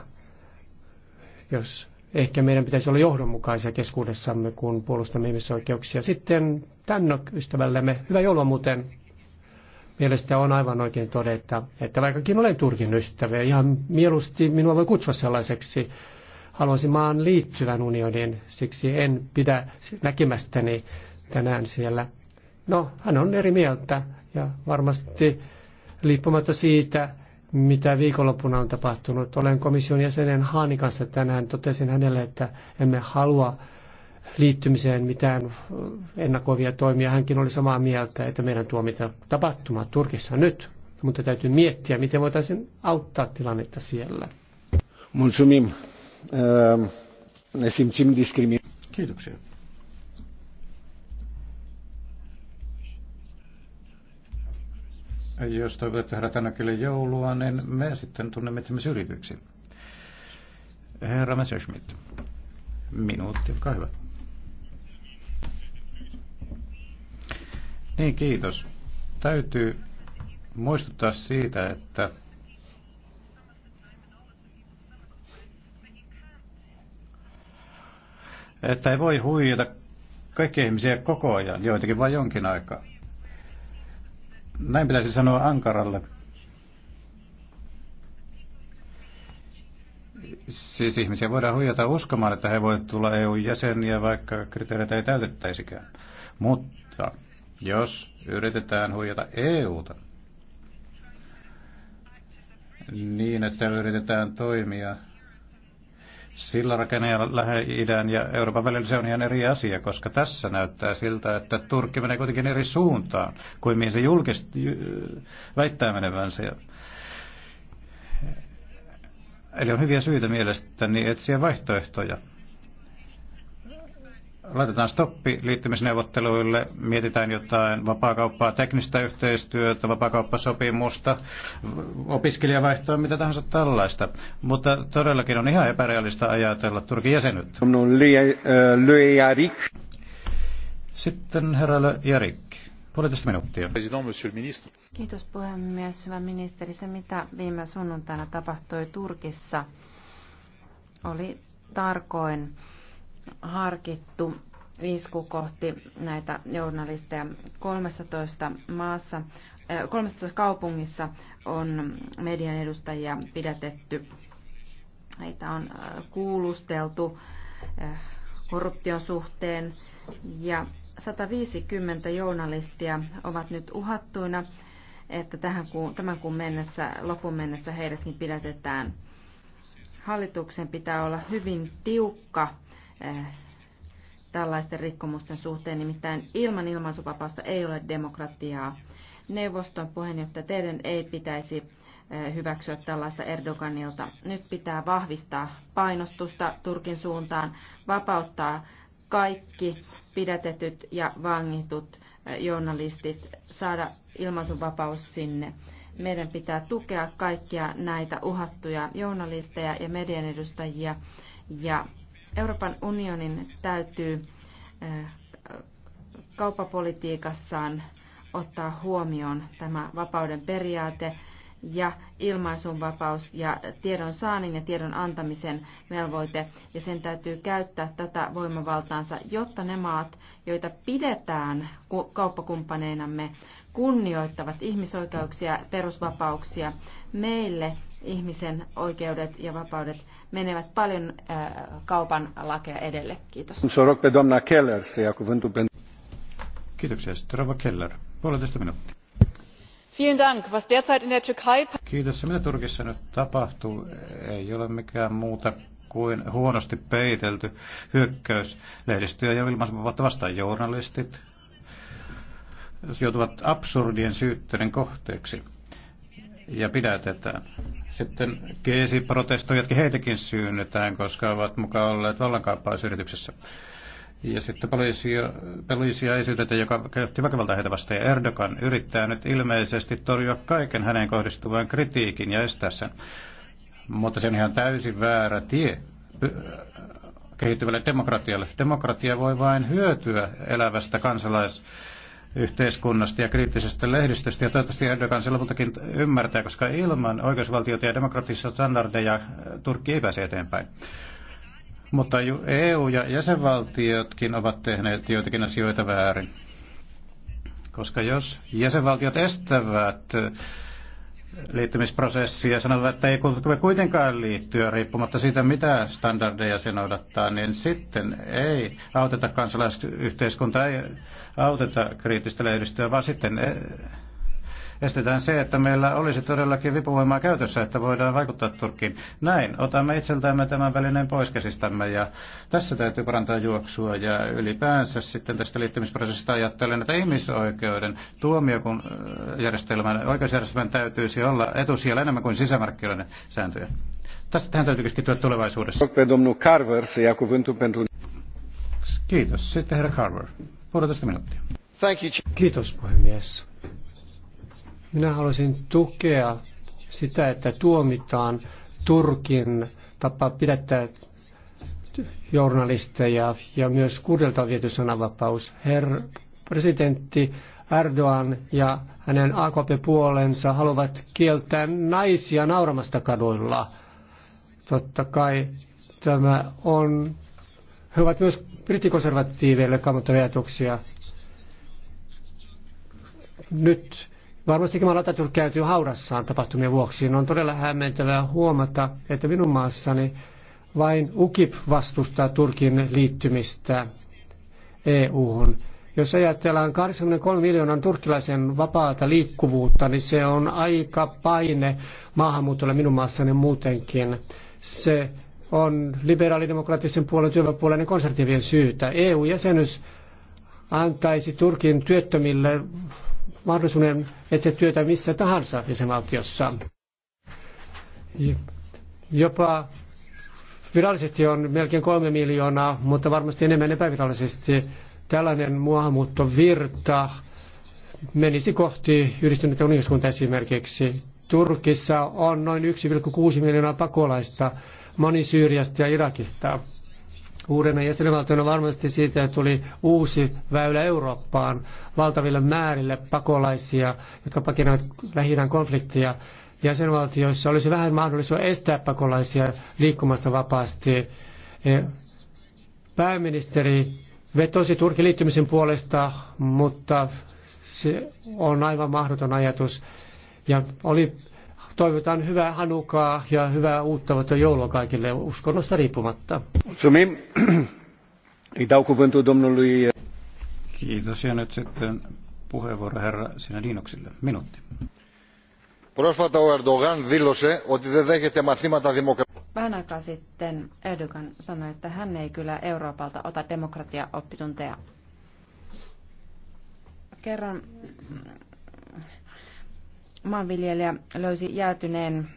Jos ehkä meidän pitäisi olla johdonmukaisia keskuudessamme, kun puolustamme ihmisoikeuksia. Sitten tänne ystävällemme, hyvää joulua muuten. Mielestä on aivan oikein todeta, että vaikkakin olen Turkin ystävä, ihan mieluusti minua voi kutsua sellaiseksi, haluaisin maan liittyvän unionin, siksi en pidä näkemästäni tänään siellä. No, hän on eri mieltä ja varmasti liippumatta siitä, mitä viikonloppuna on tapahtunut. Olen komission jäsenen Haani kanssa tänään, totesin hänelle, että emme halua liittymiseen mitään ennakoivia toimia. Hänkin oli samaa mieltä, että meidän tuomita tapahtumat Turkissa nyt, mutta täytyy miettiä, miten voitaisiin auttaa tilannetta siellä. Mulsumim, ehm, Ne simțim Kiitoksia. Jos toivotatte herra Tänäkille joulua, niin me sitten tunnemme itsemme syrjityksi. Herra Messerschmidt, minuutti, olkaa hyvä. Niin, kiitos. Täytyy muistuttaa siitä, että että ei voi huijata kaikkia ihmisiä koko ajan, joitakin vain jonkin aikaa. Näin pitäisi sanoa Ankaralle. Siis ihmisiä voidaan huijata uskomaan, että he voivat tulla EU-jäseniä, vaikka kriteereitä ei täytettäisikään. Mutta jos yritetään huijata EUta niin, että yritetään toimia sillä rakenneella lähe idän ja Euroopan välillä se on ihan eri asia, koska tässä näyttää siltä, että Turkki menee kuitenkin eri suuntaan kuin mihin se julkist, väittää menevänsä. Eli on hyviä syitä mielestäni etsiä vaihtoehtoja laitetaan stoppi liittymisneuvotteluille, mietitään jotain vapaakauppaa, teknistä yhteistyötä, vapaakauppasopimusta, opiskelijavaihtoa, mitä tahansa tällaista. Mutta todellakin on ihan epärealista ajatella Turkin jäsenyyttä. Sitten herra Jarik. Puolitoista minuuttia. Kiitos puhemies, hyvä ministeri. Se, mitä viime sunnuntaina tapahtui Turkissa, oli tarkoin harkittu isku kohti näitä journalisteja. 13 maassa, 13 äh, kaupungissa on median edustajia pidätetty. Heitä on äh, kuulusteltu äh, korruption suhteen ja 150 journalistia ovat nyt uhattuina, että tähän kuun, tämän kuun mennessä, lopun mennessä heidätkin pidätetään. Hallituksen pitää olla hyvin tiukka Äh, tällaisten rikkomusten suhteen. Nimittäin ilman ilmaisuvapausta ei ole demokratiaa. Neuvoston puheenjohtaja, teidän ei pitäisi äh, hyväksyä tällaista Erdoganilta. Nyt pitää vahvistaa painostusta Turkin suuntaan, vapauttaa kaikki pidätetyt ja vangitut äh, journalistit, saada ilmaisuvapaus sinne. Meidän pitää tukea kaikkia näitä uhattuja journalisteja ja median edustajia ja Euroopan unionin täytyy eh, kauppapolitiikassaan ottaa huomioon tämä vapauden periaate ja ilmaisunvapaus ja tiedon saannin ja tiedon antamisen velvoite, ja sen täytyy käyttää tätä voimavaltaansa, jotta ne maat, joita pidetään kauppakumppaneinamme, kunnioittavat ihmisoikeuksia, perusvapauksia. Meille ihmisen oikeudet ja vapaudet menevät paljon äh, kaupan lakeja edelle. Kiitos. Kiitoksia. Sitten Keller. Puolitoista minuuttia. Kiitos. Se, mitä Turkissa nyt tapahtuu, ei ole mikään muuta kuin huonosti peitelty hyökkäys Lehdistöjä ja ilmaisuvapautta vastaan journalistit joutuvat absurdien syytteiden kohteeksi ja pidätetään. Sitten keesiprotestoijatkin heitäkin syynnetään, koska ovat mukaan olleet vallankaappausyrityksessä. Ja sitten poliisia, poliisia esitetään, joka käytti väkivaltaa heitä vastaan. Ja Erdogan yrittää nyt ilmeisesti torjua kaiken hänen kohdistuvan kritiikin ja estää sen. Mutta se on ihan täysin väärä tie kehittyvälle demokratialle. Demokratia voi vain hyötyä elävästä kansalais yhteiskunnasta ja kriittisestä lehdistöstä. Ja toivottavasti Erdogan se lopultakin ymmärtää, koska ilman oikeusvaltiota ja demokraattisia standardeja äh, Turkki ei pääse eteenpäin. Mutta EU e ja jäsenvaltiotkin ovat tehneet joitakin asioita väärin. Koska jos jäsenvaltiot estävät äh, Liittymisprosessi ja sanotaan, että ei kuitenkaan liittyä riippumatta siitä, mitä standardeja se noudattaa, niin sitten ei auteta kansalaisyhteiskuntaa, ei auteta kriittistä lehdistöä, vaan sitten eh, estetään se, että meillä olisi todellakin vipuvoimaa käytössä, että voidaan vaikuttaa Turkkiin. Näin, otamme itseltämme tämän välineen pois käsistämme ja tässä täytyy parantaa juoksua ja ylipäänsä sitten tästä liittymisprosessista ajattelen, että ihmisoikeuden tuomiokun äh, järjestelmän, oikeusjärjestelmän täytyisi olla etusijalla enemmän kuin sisämarkkinoiden sääntöjä. tähän täytyy keskittyä tulevaisuudessa. Kiitos. Sitten herra Carver. Puolitoista minuuttia. Thank you. Kiitos puhemies. Minä haluaisin tukea sitä, että tuomitaan Turkin tapa pidättää journalisteja ja myös kuudelta viety sananvapaus. Herr presidentti Erdogan ja hänen AKP-puolensa haluavat kieltää naisia nauramasta kaduilla. Totta kai tämä on, he ovat myös brittikonservatiiveille kammottavia ajatuksia. Nyt Varmastikin Malatatürk käytyy haudassaan tapahtumien vuoksi. No, on todella hämmentävää huomata, että minun maassani vain UKIP vastustaa Turkin liittymistä EU-hun. Jos ajatellaan 83 miljoonan turkkilaisen vapaata liikkuvuutta, niin se on aika paine maahanmuutolle minun maassani muutenkin. Se on liberaalidemokraattisen puolen ja konservatiivien syytä. EU-jäsenyys antaisi Turkin työttömille mahdollisuuden etsiä työtä missä tahansa jäsenvaltiossa. Jopa virallisesti on melkein kolme miljoonaa, mutta varmasti enemmän epävirallisesti tällainen maahanmuuttovirta menisi kohti yhdistyneitä unioskunta esimerkiksi. Turkissa on noin 1,6 miljoonaa pakolaista, moni Syyriasta ja Irakista. Uudena jäsenvaltiona varmasti siitä tuli uusi väylä Eurooppaan valtaville määrille pakolaisia, jotka pakenevat lähi konfliktia. Jäsenvaltioissa olisi vähän mahdollisuus estää pakolaisia liikkumasta vapaasti. E, pääministeri vetosi Turkin liittymisen puolesta, mutta se on aivan mahdoton ajatus. Ja oli toivotan hyvää Hanukaa ja hyvää uutta vuotta joulua kaikille uskonnosta riippumatta. Kiitos ja nyt sitten puheenvuoro herra Sinadinoksille. Minuutti. Πρόσφατα ο Ερντογάν δήλωσε ότι δεν δέχεται μαθήματα Vähän aikaa sitten Erdogan sanoi, että hän ei kyllä Euroopalta ota demokratiaoppitunteja. oppitunteja. Kerran maanviljelijä löysi jäätyneen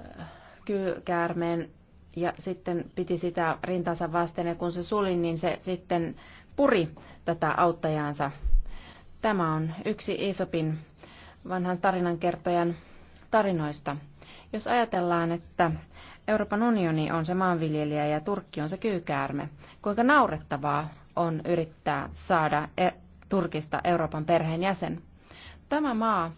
äh, kyykäärmeen ja sitten piti sitä rintansa vasten ja kun se suli, niin se sitten puri tätä auttajaansa. Tämä on yksi isopin vanhan tarinankertojan tarinoista. Jos ajatellaan, että Euroopan unioni on se maanviljelijä ja Turkki on se kyykäärme, kuinka naurettavaa on yrittää saada e- Turkista Euroopan perheen jäsen. Tämä maa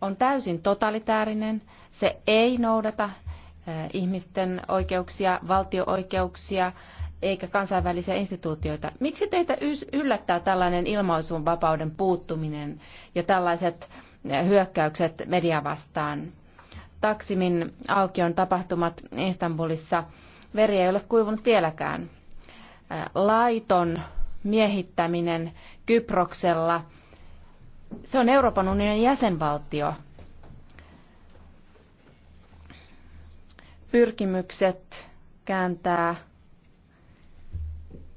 on täysin totalitäärinen, se ei noudata eh, ihmisten oikeuksia, valtio-oikeuksia eikä kansainvälisiä instituutioita. Miksi teitä yllättää tällainen ilmaisun vapauden puuttuminen ja tällaiset eh, hyökkäykset media vastaan? Taksimin aukion tapahtumat Istanbulissa, veri ei ole kuivunut vieläkään. Eh, laiton miehittäminen Kyproksella – se on Euroopan unionin jäsenvaltio. Pyrkimykset kääntää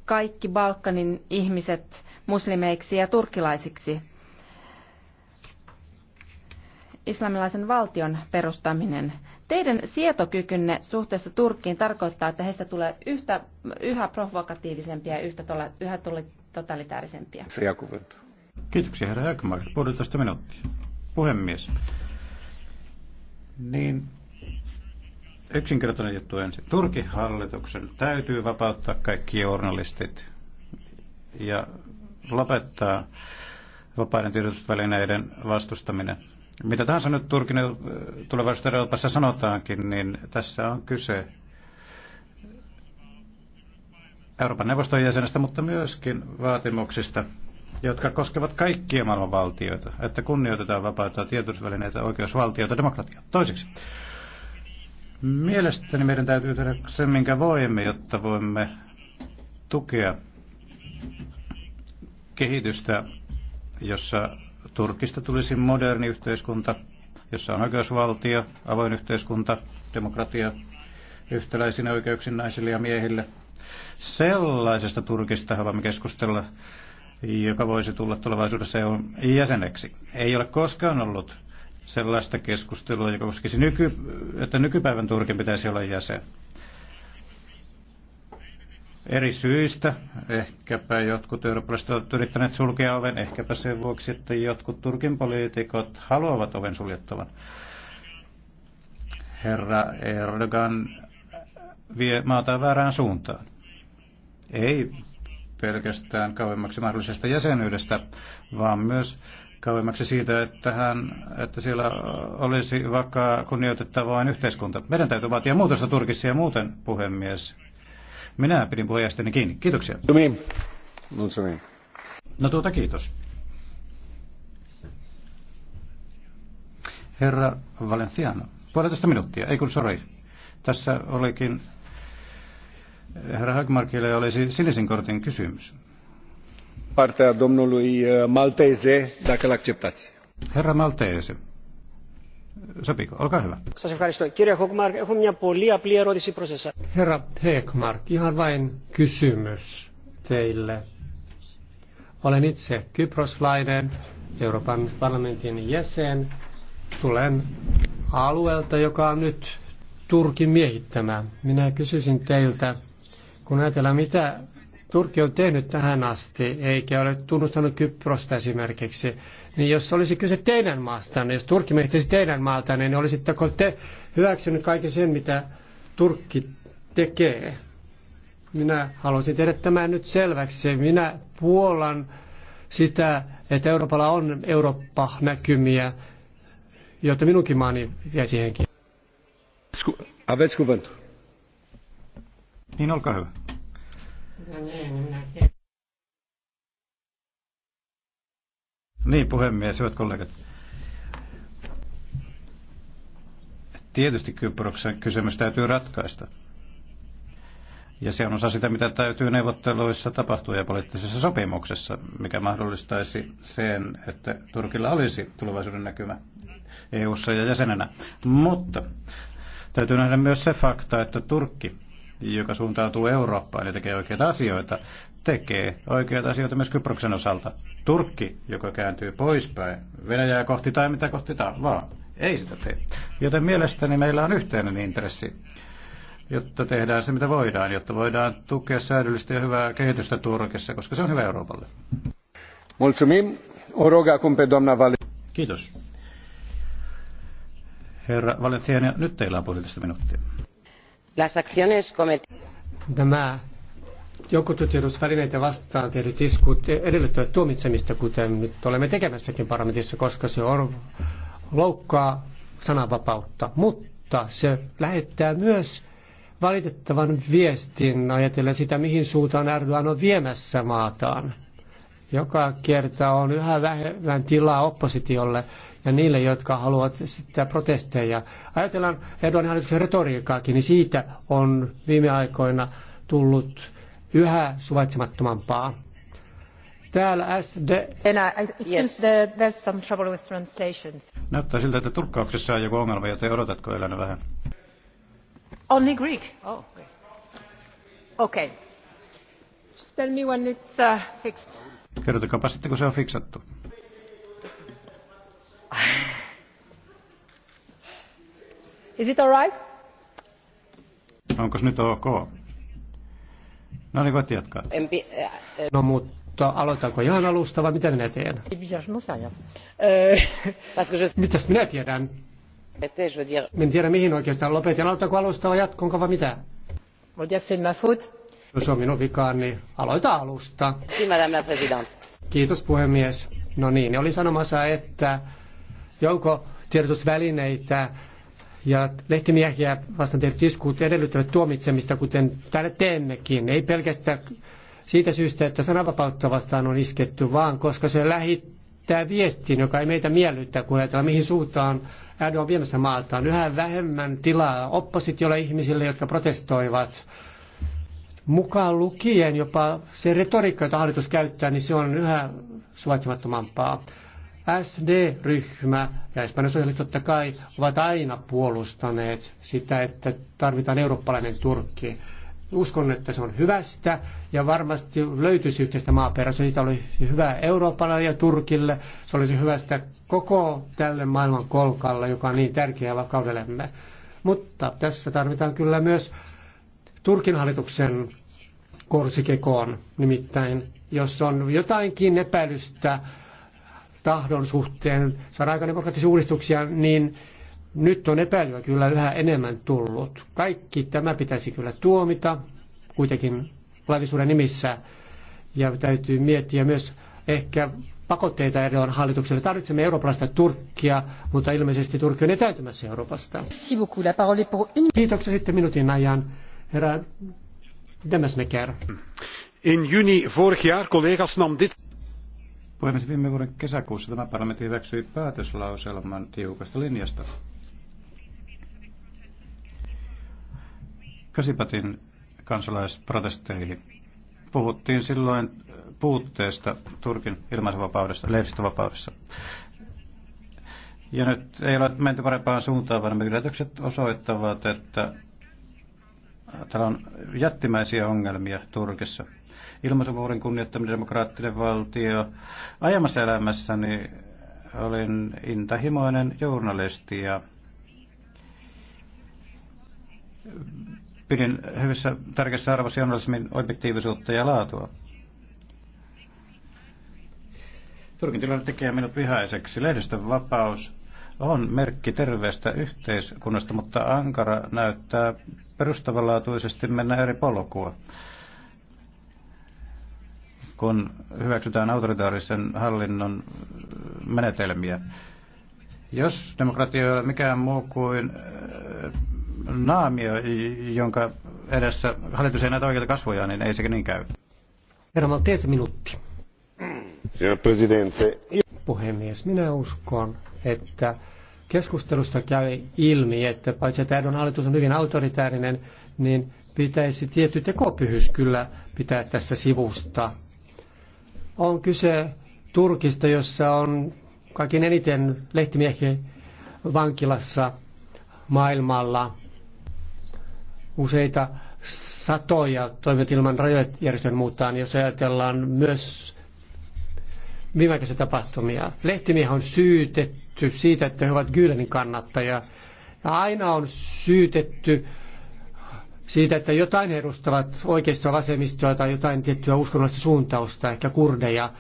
kaikki Balkanin ihmiset muslimeiksi ja turkilaisiksi Islamilaisen valtion perustaminen. Teidän sietokykynne suhteessa Turkkiin tarkoittaa, että heistä tulee yhtä, yhä provokatiivisempia ja yhtä, yhä totalitaarisempia. Se Kiitoksia herra Högmark. Puolitoista minuuttia. Puhemies. Niin, yksinkertainen juttu ensin. Turkin hallituksen täytyy vapauttaa kaikki journalistit ja lopettaa vapaiden tiedotusvälineiden vastustaminen. Mitä tahansa nyt Turkin äh, tulevaisuuden Euroopassa sanotaankin, niin tässä on kyse Euroopan neuvoston jäsenestä, mutta myöskin vaatimuksista jotka koskevat kaikkia maailman valtioita, että kunnioitetaan vapautta, tiedotusvälineitä, oikeusvaltiota, demokratiaa. Toiseksi, mielestäni meidän täytyy tehdä sen, minkä voimme, jotta voimme tukea kehitystä, jossa Turkista tulisi moderni yhteiskunta, jossa on oikeusvaltio, avoin yhteiskunta, demokratia, yhtäläisinä oikeuksin naisille ja miehille. Sellaisesta Turkista haluamme keskustella, joka voisi tulla tulevaisuudessa EUn jäseneksi. Ei ole koskaan ollut sellaista keskustelua, joka koskisi, nyky, että nykypäivän Turkin pitäisi olla jäsen. Eri syistä, ehkäpä jotkut eurooppalaiset ovat yrittäneet sulkea oven, ehkäpä sen vuoksi, että jotkut Turkin poliitikot haluavat oven suljettavan. Herra Erdogan vie maata väärään suuntaan. Ei pelkästään kauemmaksi mahdollisesta jäsenyydestä, vaan myös kauemmaksi siitä, että, hän, että siellä olisi vakaa kunnioitettavain yhteiskunta. Meidän täytyy vaatia muutosta Turkissa ja muuten, puhemies. Minä pidin puheenjohtajani kiinni. Kiitoksia. No tuota kiitos. Herra Valenciano, puolitoista minuuttia, ei kun sorry. Tässä olikin Herra Hagmarkille olisi sinisen kortin kysymys. Partea domnului uh, Maltese, dacă l-acceptați. Herra Maltese, Sopiko, olkaa hyvä. Herra Hagmark, ihan vain kysymys teille. Olen itse kyproslainen, Euroopan parlamentin jäsen. Tulen alueelta, joka on nyt Turkin miehittämä. Minä kysyisin teiltä, kun ajatellaan, mitä Turkki on tehnyt tähän asti, eikä ole tunnustanut Kyprosta esimerkiksi, niin jos olisi kyse teidän maastanne, jos Turkki mehtisi teidän maalta, niin olisitteko te hyväksynyt kaiken sen, mitä Turkki tekee? Minä haluaisin tehdä tämän nyt selväksi. Minä puolan sitä, että Euroopalla on Eurooppa-näkymiä, jotta minunkin maani jäisi henkiin. Aveți cuvântul. Niin, olkaa hyvä. No niin, minä Niin, puhemies, hyvät kollegat. Tietysti Kyproksen kysymys täytyy ratkaista. Ja se on osa sitä, mitä täytyy neuvotteluissa tapahtua ja poliittisessa sopimuksessa, mikä mahdollistaisi sen, että Turkilla olisi tulevaisuuden näkymä EU-ssa ja jäsenenä. Mutta täytyy nähdä myös se fakta, että Turkki joka suuntautuu Eurooppaan ja tekee oikeita asioita, tekee oikeita asioita myös Kyproksen osalta. Turkki, joka kääntyy poispäin Venäjää kohti tai mitä kohti tai vaan, ei sitä tee. Joten mielestäni meillä on yhteinen intressi, jotta tehdään se mitä voidaan, jotta voidaan tukea säädöllistä ja hyvää kehitystä Turkissa, koska se on hyvä Euroopalle. Kiitos. Herra Valentiani, nyt teillä on puolitoista minuuttia. Las acciones cometidas. tuomitsemista, kuten nyt olemme tekemässäkin parlamentissa, koska se on, loukkaa sananvapautta. Mutta se lähettää myös valitettavan viestin ajatellen sitä, mihin suuntaan Erdogan on viemässä maataan. Joka kerta on yhä vähemmän tilaa oppositiolle ja niille, jotka haluavat sitä protesteja. Ajatellaan Erdoganin hallituksen retoriikkaakin, niin siitä on viime aikoina tullut yhä suvaitsemattomampaa. Täällä SD... Yes. Näyttää siltä, että turkkauksessa on joku ongelma, joten odotatko Elena vähän? Only Greek. Oh, okay. okay. Just tell me when it's uh, fixed. Kertokaapa sitten, kun se on fiksattu. [SIGHS] Is it Onko nyt ok? No niin, voit jatkaa. No mutta aloitanko ihan alusta vai mitä minä teen? Äh. [LAUGHS] Mitäs minä tiedän? Minä en tiedä mihin oikeastaan lopetin. Aloitanko alusta vai jatkonko vai mitä? Jos on minun vikaani, niin aloita alusta. Kiitos puhemies. No niin, oli sanomassa, että joukotiedotusvälineitä ja lehtimiehiä vastaan tehdyt iskut edellyttävät tuomitsemista, kuten täällä teemmekin. Ei pelkästään siitä syystä, että sananvapautta vastaan on isketty, vaan koska se lähittää viestin, joka ei meitä miellyttää, kun ajatellaan mihin suuntaan Erdogan on viemässä maaltaan. Yhä vähemmän tilaa oppositiolle ihmisille, jotka protestoivat. Mukaan lukien jopa se retoriikka, jota hallitus käyttää, niin se on yhä suvaitsemattomampaa. SD-ryhmä ja Espanjan sosialistit totta kai ovat aina puolustaneet sitä, että tarvitaan eurooppalainen Turkki. Uskon, että se on hyvästä ja varmasti löytyisi yhteistä maaperää. Siitä oli hyvä Euroopalle ja Turkille. Se olisi hyvästä koko tälle maailman kolkalle, joka on niin tärkeä vakaudellemme. Mutta tässä tarvitaan kyllä myös Turkin hallituksen korsikekoon. Nimittäin, jos on jotainkin epäilystä tahdon suhteen saada aika demokraattisia uudistuksia, niin nyt on epäilyä kyllä yhä enemmän tullut. Kaikki tämä pitäisi kyllä tuomita, kuitenkin laillisuuden nimissä, ja täytyy miettiä myös ehkä pakotteita Erdogan hallitukselle. Tarvitsemme eurooppalaista Turkkia, mutta ilmeisesti Turkki on etäytymässä Euroopasta. Kiitoksia sitten minuutin ajan, herra Demesmeker. In juni vorig jaar, collega's, nam dit... Puhemies, viime vuoden kesäkuussa tämä parlamentti hyväksyi päätöslauselman tiukasta linjasta. Kasipatin kansalaisprotesteihin. Puhuttiin silloin puutteesta Turkin ilmaisuvapaudessa, lehdistövapaudessa. Ja nyt ei ole menty parempaan suuntaan, vaan yritykset osoittavat, että täällä on jättimäisiä ongelmia Turkissa ilmaisuvuuden kunnioittaminen, demokraattinen valtio. Aiemmassa elämässäni olin intahimoinen journalisti ja pidin hyvissä tärkeissä arvossa journalismin objektiivisuutta ja laatua. Turkin tilanne tekee minut vihaiseksi. Lehdistön vapaus on merkki terveestä yhteiskunnasta, mutta Ankara näyttää perustavanlaatuisesti mennä eri polkua kun hyväksytään autoritaarisen hallinnon menetelmiä. Jos demokratia ei ole mikään muu kuin äh, naamio, jonka edessä hallitus ei näitä oikeita kasvoja, niin ei sekin niin käy. Herra Maltese, minuutti. Puhemies, minä uskon, että keskustelusta käy ilmi, että paitsi että Erdogan hallitus on hyvin autoritäärinen, niin pitäisi tietty tekopyhys kyllä pitää tässä sivusta on kyse Turkista, jossa on kaikkein eniten lehtimiehiä vankilassa maailmalla. Useita satoja toimivat ilman rajoitjärjestön järjestön muuttaan, jos ajatellaan myös viimeaikaisia tapahtumia. Lehtimiehiä on syytetty siitä, että he ovat Gylenin kannattajia. Aina on syytetty siitä, että jotain edustavat oikeistoa, vasemmistoa tai jotain tiettyä uskonnollista suuntausta, ehkä kurdeja.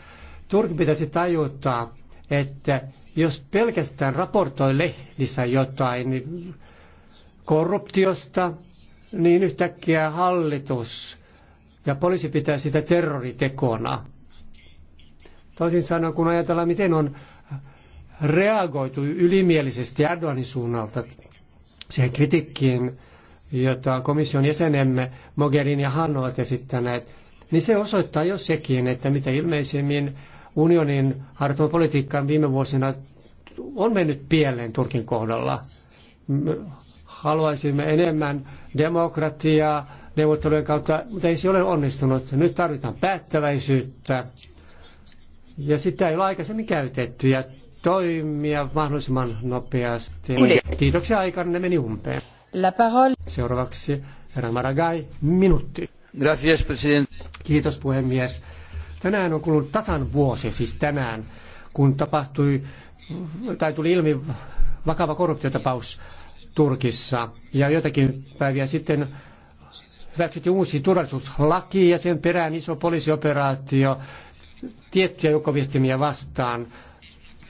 Turkin pitäisi tajuttaa, että jos pelkästään raportoi lehdissä jotain niin korruptiosta, niin yhtäkkiä hallitus ja poliisi pitää sitä terroritekona. Toisin sanoen, kun ajatellaan, miten on reagoitu ylimielisesti Erdoganin suunnalta siihen kritiikkiin, jota komission jäsenemme Mogherin ja Hanno ovat esittäneet, niin se osoittaa jo sekin, että mitä ilmeisimmin unionin harjoittama politiikka viime vuosina on mennyt pieleen Turkin kohdalla. Haluaisimme enemmän demokratiaa neuvottelujen kautta, mutta ei se ole onnistunut. Nyt tarvitaan päättäväisyyttä ja sitä ei ole aikaisemmin käytetty ja toimia mahdollisimman nopeasti. Kiitoksia ne meni umpeen. La parole. Seuraavaksi minuutti. Gracias, president. Kiitos puhemies. Tänään on kulunut tasan vuosi, siis tänään, kun tapahtui tai tuli ilmi vakava korruptiotapaus Turkissa. Ja jotakin päiviä sitten hyväksyttiin uusi turvallisuuslaki ja sen perään iso poliisioperaatio tiettyjä joukkoviestimiä vastaan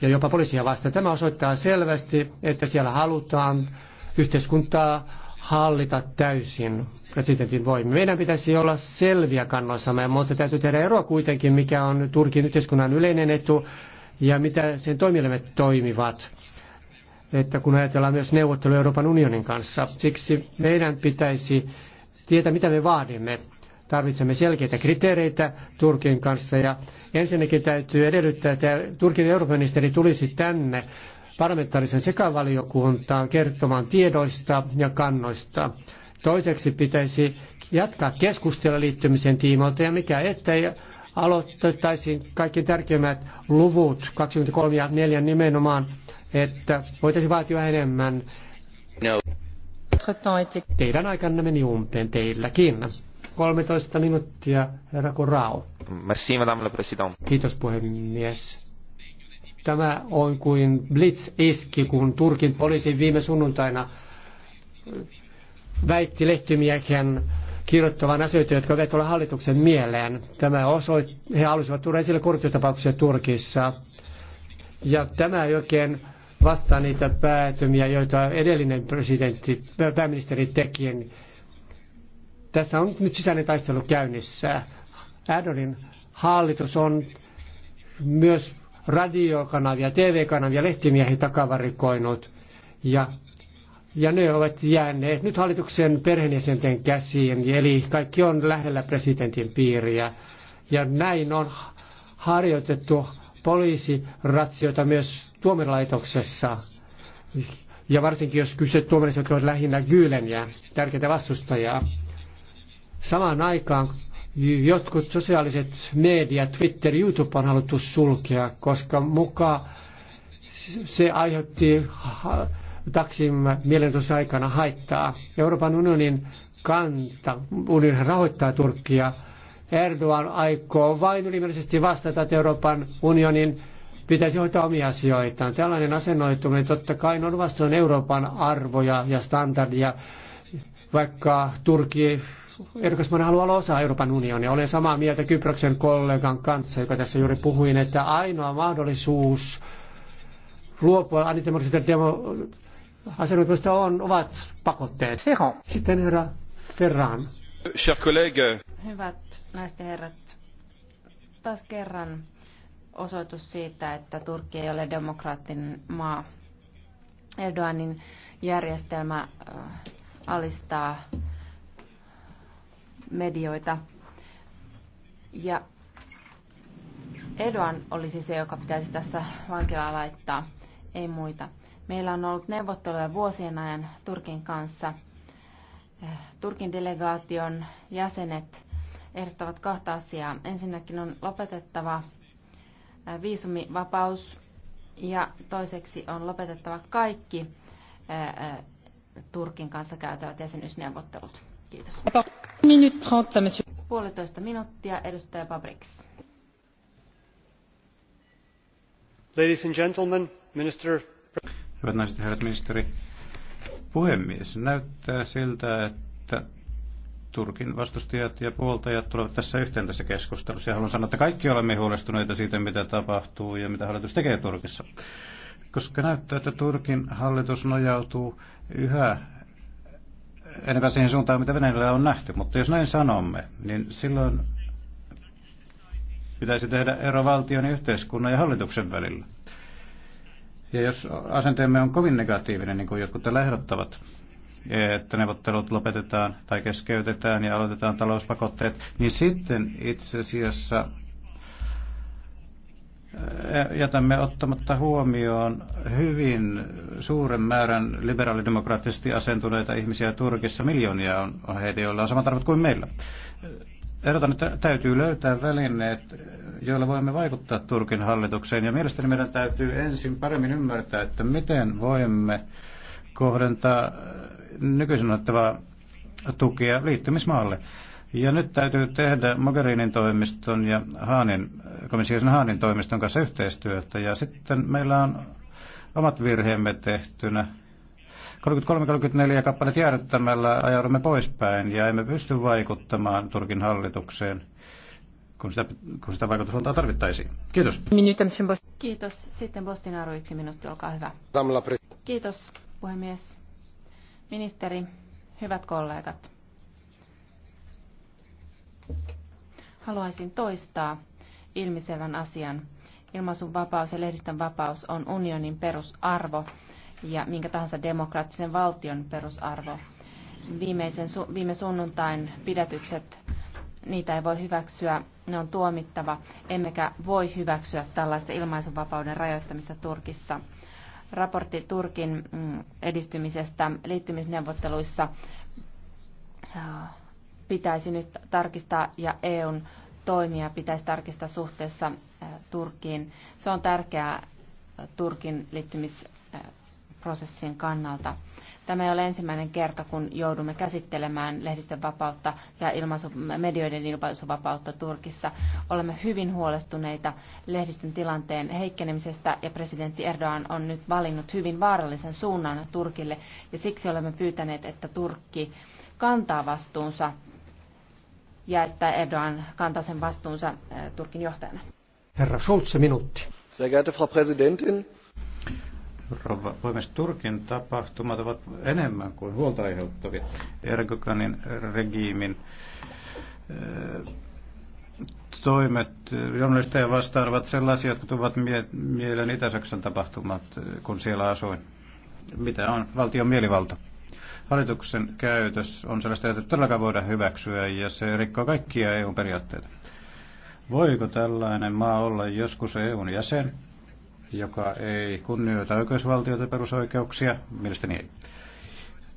ja jopa poliisia vastaan. Tämä osoittaa selvästi, että siellä halutaan yhteiskuntaa hallita täysin presidentin voimi. Meidän pitäisi olla selviä kannoissamme, mutta täytyy tehdä eroa kuitenkin, mikä on Turkin yhteiskunnan yleinen etu ja mitä sen toimielimet toimivat. Että kun ajatellaan myös neuvotteluja Euroopan unionin kanssa. Siksi meidän pitäisi tietää, mitä me vaadimme. Tarvitsemme selkeitä kriteereitä Turkin kanssa ja ensinnäkin täytyy edellyttää, että Turkin ministeri tulisi tänne parlamentaarisen sekavaliokuntaan kertomaan tiedoista ja kannoista. Toiseksi pitäisi jatkaa keskustelua liittymisen tiimoilta ja mikä ettei aloitettaisiin kaikki tärkeimmät luvut 23 ja 4 nimenomaan, että voitaisiin vaatia enemmän. No. Teidän aikanne meni umpeen teilläkin. 13 minuuttia, herra Korao. Merci, madame la Kiitos puhemies. Tämä on kuin blitz-iski, kun Turkin poliisi viime sunnuntaina väitti lehtimiehen kirjoittavan asioita, jotka eivät ole hallituksen mieleen. Tämä osoit, he halusivat tuoda esille korruptiotapauksia Turkissa. Ja tämä ei oikein vastaa niitä päätömiä, joita edellinen presidentti, pääministeri teki. Tässä on nyt sisäinen taistelu käynnissä. Erdoganin hallitus on myös radiokanavia, TV-kanavia, lehtimiehiä takavarikoinut. Ja, ja ne ovat jääneet nyt hallituksen perheenjäsenten käsiin, eli kaikki on lähellä presidentin piiriä. Ja näin on harjoitettu poliisiratsioita myös tuomilaitoksessa. Ja varsinkin jos kyse tuomarista, jotka ovat lähinnä ja tärkeitä vastustajaa. Samaan aikaan Jotkut sosiaaliset mediat, Twitter, YouTube on haluttu sulkea, koska muka se aiheutti taksin mielenotusta aikana haittaa. Euroopan unionin kanta, unioni rahoittaa Turkkia. Erdogan aikoo vain ylimääräisesti vastata, että Euroopan unionin pitäisi hoitaa omia asioitaan. Tällainen asennoituminen totta kai on vastoin Euroopan arvoja ja standardia, vaikka Turkki ehdokasmaana haluaa olla osa Euroopan unionia. Olen samaa mieltä Kyproksen kollegan kanssa, joka tässä juuri puhuin, että ainoa mahdollisuus luopua antidemokraattisesta demo- asennuksesta on, ovat pakotteet. Ferran. Sitten herra Ferran. Cher collègue. Hyvät naiset ja herrat, taas kerran osoitus siitä, että Turkki ei ole demokraattinen maa. Erdoganin järjestelmä äh, alistaa medioita. Ja Edoan olisi se, joka pitäisi tässä vankilaan laittaa, ei muita. Meillä on ollut neuvotteluja vuosien ajan Turkin kanssa. Eh, Turkin delegaation jäsenet ehdottavat kahta asiaa. Ensinnäkin on lopetettava eh, viisumivapaus ja toiseksi on lopetettava kaikki eh, Turkin kanssa käytävät jäsenyysneuvottelut. Kiitos. 30, Puolitoista minuuttia, edustaja Ladies and gentlemen, minister... Hyvät naiset ja herrat ministeri, puhemies, näyttää siltä, että Turkin vastustajat ja puoltajat tulevat tässä yhteen tässä keskustelussa. Ja haluan sanoa, että kaikki olemme huolestuneita siitä, mitä tapahtuu ja mitä hallitus tekee Turkissa. Koska näyttää, että Turkin hallitus nojautuu yhä enemmän siihen suuntaan, mitä Venäjällä on nähty. Mutta jos näin sanomme, niin silloin pitäisi tehdä ero valtion, yhteiskunnan ja hallituksen välillä. Ja jos asenteemme on kovin negatiivinen, niin kuin jotkut täällä ehdottavat, että neuvottelut lopetetaan tai keskeytetään ja aloitetaan talouspakotteet, niin sitten itse asiassa jätämme ottamatta huomioon hyvin suuren määrän liberaalidemokraattisesti asentuneita ihmisiä Turkissa. Miljoonia on heitä, joilla on samat arvot kuin meillä. Erotan, että täytyy löytää välineet, joilla voimme vaikuttaa Turkin hallitukseen. Ja mielestäni meidän täytyy ensin paremmin ymmärtää, että miten voimme kohdentaa nykyisin ottavaa tukea liittymismaalle. Ja nyt täytyy tehdä Mogherinin toimiston ja Haanin, komission Haanin toimiston kanssa yhteistyötä. Ja sitten meillä on omat virheemme tehtynä. 33-34 kappalet jäädyttämällä ajaudumme poispäin ja emme pysty vaikuttamaan Turkin hallitukseen, kun sitä, kun sitä vaikutusvaltaa tarvittaisiin. Kiitos. Kiitos. Sitten Bostinaru yksi minuutti, olkaa hyvä. Kiitos, puhemies. Ministeri, hyvät kollegat. Haluaisin toistaa ilmiselvän asian. Ilmaisun vapaus ja lehdistön vapaus on unionin perusarvo ja minkä tahansa demokraattisen valtion perusarvo. Viimeisen, viime sunnuntain pidätykset, niitä ei voi hyväksyä, ne on tuomittava, emmekä voi hyväksyä tällaista ilmaisunvapauden rajoittamista Turkissa. Raportti Turkin mm, edistymisestä liittymisneuvotteluissa äh, pitäisi nyt tarkistaa ja EUn toimia pitäisi tarkistaa suhteessa äh, Turkkiin. Se on tärkeää äh, Turkin liittymisprosessin äh, kannalta. Tämä ei ole ensimmäinen kerta, kun joudumme käsittelemään lehdistön vapautta ja ilmaisu, medioiden ilmaisuvapautta Turkissa. Olemme hyvin huolestuneita lehdistön tilanteen heikkenemisestä ja presidentti Erdogan on nyt valinnut hyvin vaarallisen suunnan Turkille ja siksi olemme pyytäneet, että Turkki kantaa vastuunsa ja että Erdogan kantaa sen vastuunsa äh, Turkin johtajana. Herra Schulz, minuutti. Sehr geehrte Frau Präsidentin. Rouva puhemies, Turkin tapahtumat ovat enemmän kuin huolta aiheuttavia. Erdoganin regiimin äh, toimet journalisteja vastaan ovat sellaisia, jotka tuovat mie- mieleen Itä-Saksan tapahtumat, äh, kun siellä asuin. Mitä on valtion mielivalta? Hallituksen käytös on sellaista, jota todellakaan voida hyväksyä ja se rikkoo kaikkia EU-periaatteita. Voiko tällainen maa olla joskus EUn jäsen, joka ei kunnioita oikeusvaltiota perusoikeuksia? Mielestäni ei.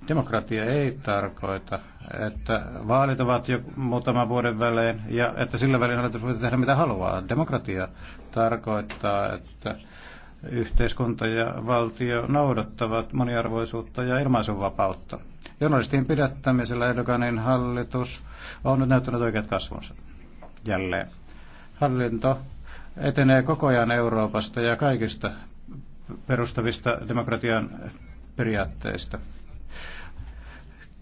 Demokratia ei tarkoita, että vaalit ovat jo muutaman vuoden välein ja että sillä välin hallitus voi tehdä mitä haluaa. Demokratia tarkoittaa, että yhteiskunta ja valtio noudattavat moniarvoisuutta ja ilmaisuvapautta. Journalistin pidättämisellä Erdoganin hallitus on nyt näyttänyt oikeat kasvonsa jälleen. Hallinto etenee koko ajan Euroopasta ja kaikista perustavista demokratian periaatteista.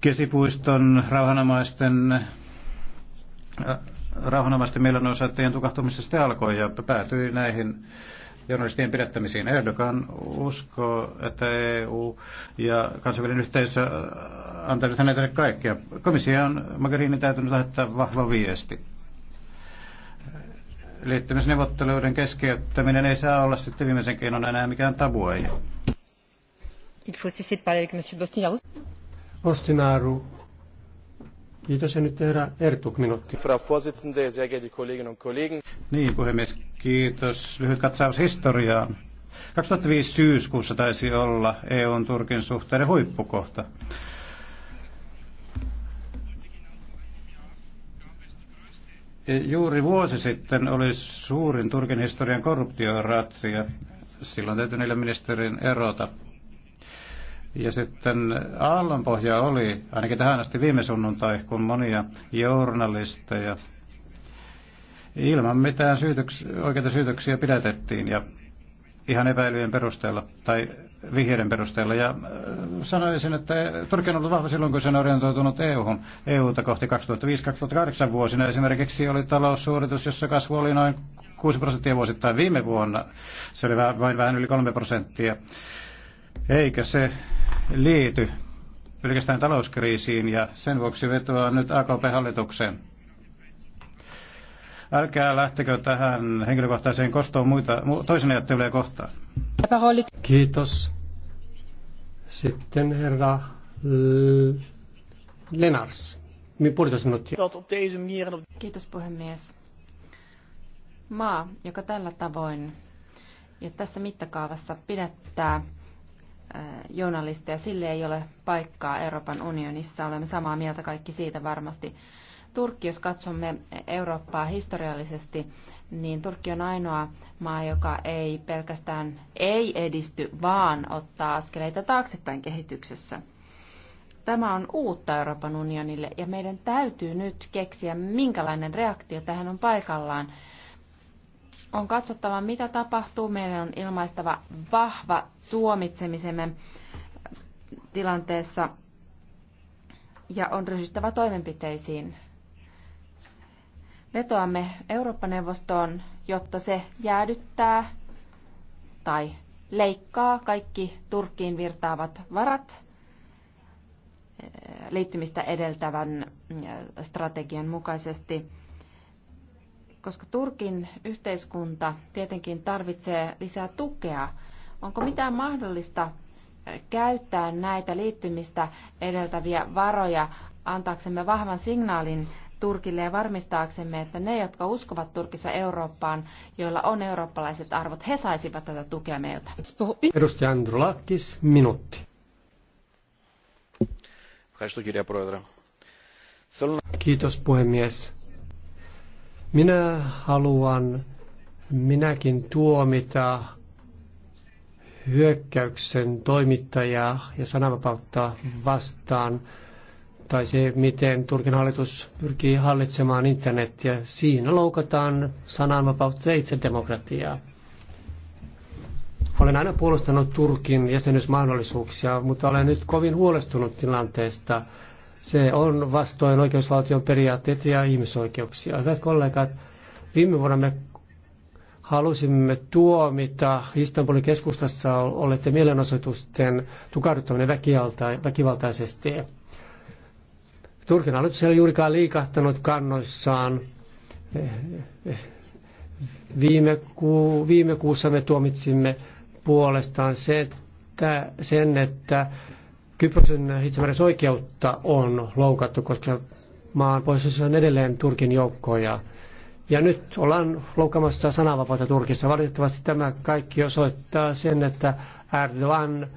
Kesipuiston rauhanomaisten rauhanomaisten mielenosoittajien tukahtumisesta alkoi ja päätyi näihin journalistien pidättämisiin. Erdogan uskoo, että EU ja kansainvälinen yhteisö äh, antaisivat hänelle kaikkea. Komissio on Mogherini täytynyt lähettää vahva viesti. Liittymisneuvotteluiden keskeyttäminen ei saa olla sitten viimeisen keinon enää mikään tabuaihe. Il faut cesser de parler avec M. Bostinaru. Bostinaru. Kiitos ja nyt tehdään Ertuk minuutti. Frau Vorsitzende, sehr geehrte Kolleginnen und Kollegen. Niin, puhemies, Kiitos. Lyhyt katsaus historiaan. 2005 syyskuussa taisi olla EUn Turkin suhteiden huippukohta. Juuri vuosi sitten oli suurin Turkin historian korruptioratsia. Silloin täytyy neljän ministerin erota. Ja sitten aallonpohja oli, ainakin tähän asti viime sunnuntai, kun monia journalisteja ilman mitään syytöks- oikeita syytöksiä pidätettiin ja ihan epäilyjen perusteella tai vihjeiden perusteella. Ja äh, sanoisin, että Turkki on ollut vahva silloin, kun se on orientoitunut EU-hun. EU-ta kohti 2005-2008 vuosina esimerkiksi oli taloussuoritus, jossa kasvu oli noin 6 prosenttia vuosittain viime vuonna. Se oli vain vähän yli 3 prosenttia. Eikä se liity pelkästään talouskriisiin ja sen vuoksi vetoaa nyt AKP-hallitukseen Älkää lähtekö tähän henkilökohtaiseen kostoon muita, toisen ajattelijoita kohtaan. Kiitos. Sitten herra Lenars. Kiitos puhemies. Maa, joka tällä tavoin ja tässä mittakaavassa pidättää journalisteja, sille ei ole paikkaa Euroopan unionissa. Olemme samaa mieltä kaikki siitä varmasti. Turkki, jos katsomme Eurooppaa historiallisesti, niin Turkki on ainoa maa, joka ei pelkästään ei edisty, vaan ottaa askeleita taaksepäin kehityksessä. Tämä on uutta Euroopan unionille ja meidän täytyy nyt keksiä, minkälainen reaktio tähän on paikallaan. On katsottava, mitä tapahtuu. Meidän on ilmaistava vahva tuomitsemisemme tilanteessa ja on ryhdyttävä toimenpiteisiin Vetoamme Eurooppa-neuvostoon, jotta se jäädyttää tai leikkaa kaikki Turkkiin virtaavat varat eh, liittymistä edeltävän eh, strategian mukaisesti koska Turkin yhteiskunta tietenkin tarvitsee lisää tukea. Onko mitään mahdollista eh, käyttää näitä liittymistä edeltäviä varoja antaaksemme vahvan signaalin Turkille ja varmistaaksemme, että ne, jotka uskovat Turkissa Eurooppaan, joilla on eurooppalaiset arvot, he saisivat tätä tukea meiltä. Edustaja Andrulakis, minuutti. Kiitos puhemies. Minä haluan minäkin tuomita hyökkäyksen toimittajaa ja sananvapautta vastaan tai se, miten Turkin hallitus pyrkii hallitsemaan internetiä, siinä loukataan sananvapautta ja demokratiaa. Olen aina puolustanut Turkin jäsenyysmahdollisuuksia, mutta olen nyt kovin huolestunut tilanteesta. Se on vastoin oikeusvaltion periaatteita ja ihmisoikeuksia. Hyvät kollegat, viime vuonna me halusimme tuomita Istanbulin keskustassa olette mielenosoitusten tukahduttaminen väkivaltaisesti Turkin hallitus ei ole juurikaan liikahtanut kannoissaan. Viime, ku, viime kuussa me tuomitsimme puolestaan se, että, sen, että Kyproksen itsemääräämisoikeutta on loukattu, koska maan pohjoisessa on edelleen Turkin joukkoja. Ja nyt ollaan loukkaamassa sananvapautta Turkissa. Valitettavasti tämä kaikki osoittaa sen, että Erdogan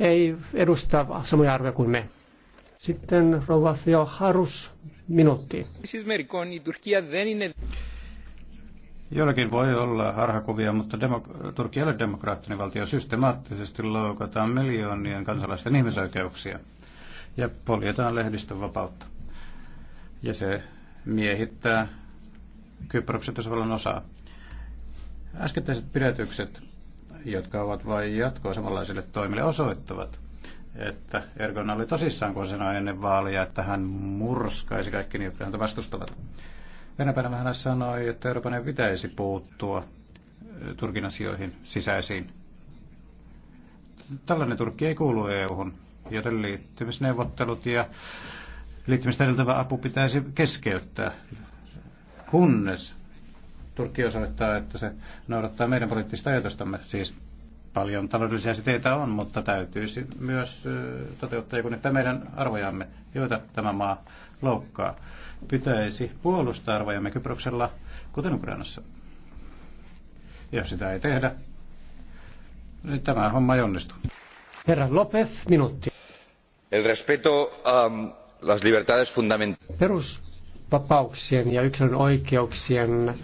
ei edusta samoja arvoja kuin me. Sitten rouva Theo Harus, minuutti. Jollakin voi olla harhakuvia, mutta demok- Turkki ei ole demokraattinen valtio. Systemaattisesti loukataan miljoonien kansalaisten ihmisoikeuksia ja poljetaan lehdistön vapautta. Ja se miehittää Kyproksen tasavallan osaa. Äskettäiset pidätykset, jotka ovat vain jatkoa samanlaisille toimille, osoittavat, että Ergon oli tosissaan, kun sanoi ennen vaalia, että hän murskaisi kaikki niitä, jotka häntä vastustavat. Tänä hän sanoi, että Euroopan ei pitäisi puuttua Turkin asioihin sisäisiin. Tällainen Turkki ei kuulu EU-hun, joten liittymisneuvottelut ja liittymistä edeltävä apu pitäisi keskeyttää, kunnes Turkki osoittaa, että se noudattaa meidän poliittista ajatustamme, siis paljon taloudellisia siteitä on, mutta täytyisi myös toteuttaa joku niitä meidän arvojamme, joita tämä maa loukkaa. Pitäisi puolustaa arvojamme Kyproksella, kuten Ukrainassa. Jos sitä ei tehdä, niin tämä homma ei onnistu. Herra Lopez, minuutti. El respeto a um, las libertades fundamentales. Perusvapauksien ja yksilön oikeuksien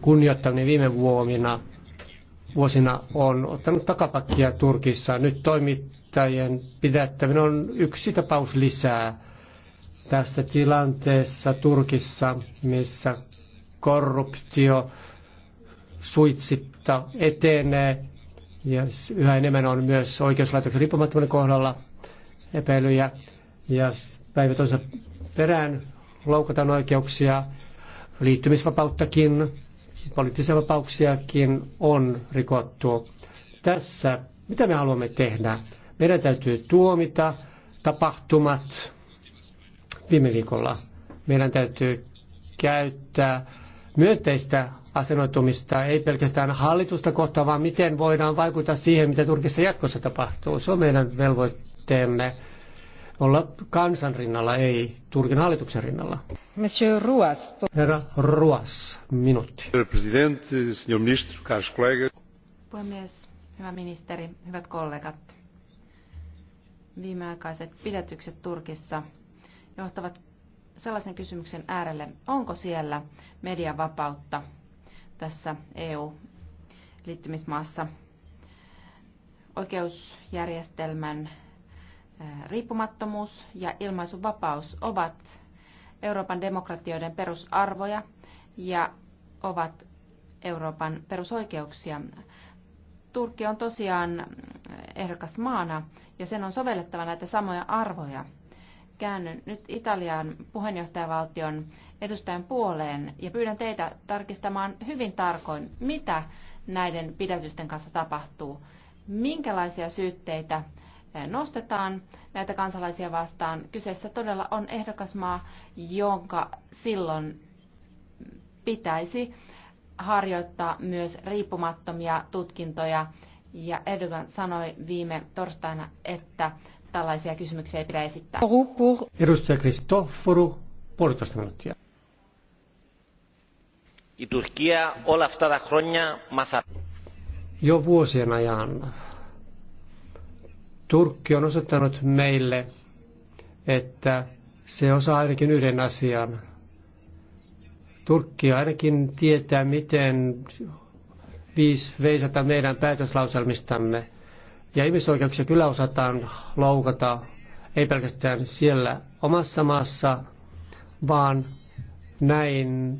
kunnioittaminen viime vuomina – vuosina on ottanut takapakkia Turkissa. Nyt toimittajien pidättäminen on yksi tapaus lisää tässä tilanteessa Turkissa, missä korruptio suitsitta etenee ja yhä enemmän on myös oikeuslaitoksen riippumattomuuden kohdalla epäilyjä ja päivä toisen perään loukataan oikeuksia, liittymisvapauttakin poliittisia vapauksiakin on rikottu. Tässä mitä me haluamme tehdä? Meidän täytyy tuomita tapahtumat viime viikolla. Meidän täytyy käyttää myönteistä asennoitumista, ei pelkästään hallitusta kohtaan, vaan miten voidaan vaikuttaa siihen, mitä Turkissa jatkossa tapahtuu. Se on meidän velvoitteemme olla kansan rinnalla, ei Turkin hallituksen rinnalla. Monsieur Ruas. Herra Ruas, minuutti. Puhemies, hyvä ministeri, hyvät kollegat. Viimeaikaiset pidätykset Turkissa johtavat sellaisen kysymyksen äärelle, onko siellä mediavapautta tässä EU-liittymismaassa. Oikeusjärjestelmän riippumattomuus ja ilmaisuvapaus ovat Euroopan demokratioiden perusarvoja ja ovat Euroopan perusoikeuksia. Turkki on tosiaan ehdokas maana ja sen on sovellettava näitä samoja arvoja. Käännyn nyt Italian puheenjohtajavaltion edustajan puoleen ja pyydän teitä tarkistamaan hyvin tarkoin, mitä näiden pidätysten kanssa tapahtuu, minkälaisia syytteitä nostetaan näitä kansalaisia vastaan. Kyseessä todella on ehdokasmaa, jonka silloin pitäisi harjoittaa myös riippumattomia tutkintoja. Ja Erdogan sanoi viime torstaina, että tällaisia kysymyksiä ei pidä esittää. Edustaja Kristofforu, puolitoista minuuttia. Η olaf Jo vuosien ajan Turkki on osoittanut meille, että se osaa ainakin yhden asian. Turkki ainakin tietää, miten viis veisata meidän päätöslauselmistamme. Ja ihmisoikeuksia kyllä osataan loukata, ei pelkästään siellä omassa maassa, vaan näin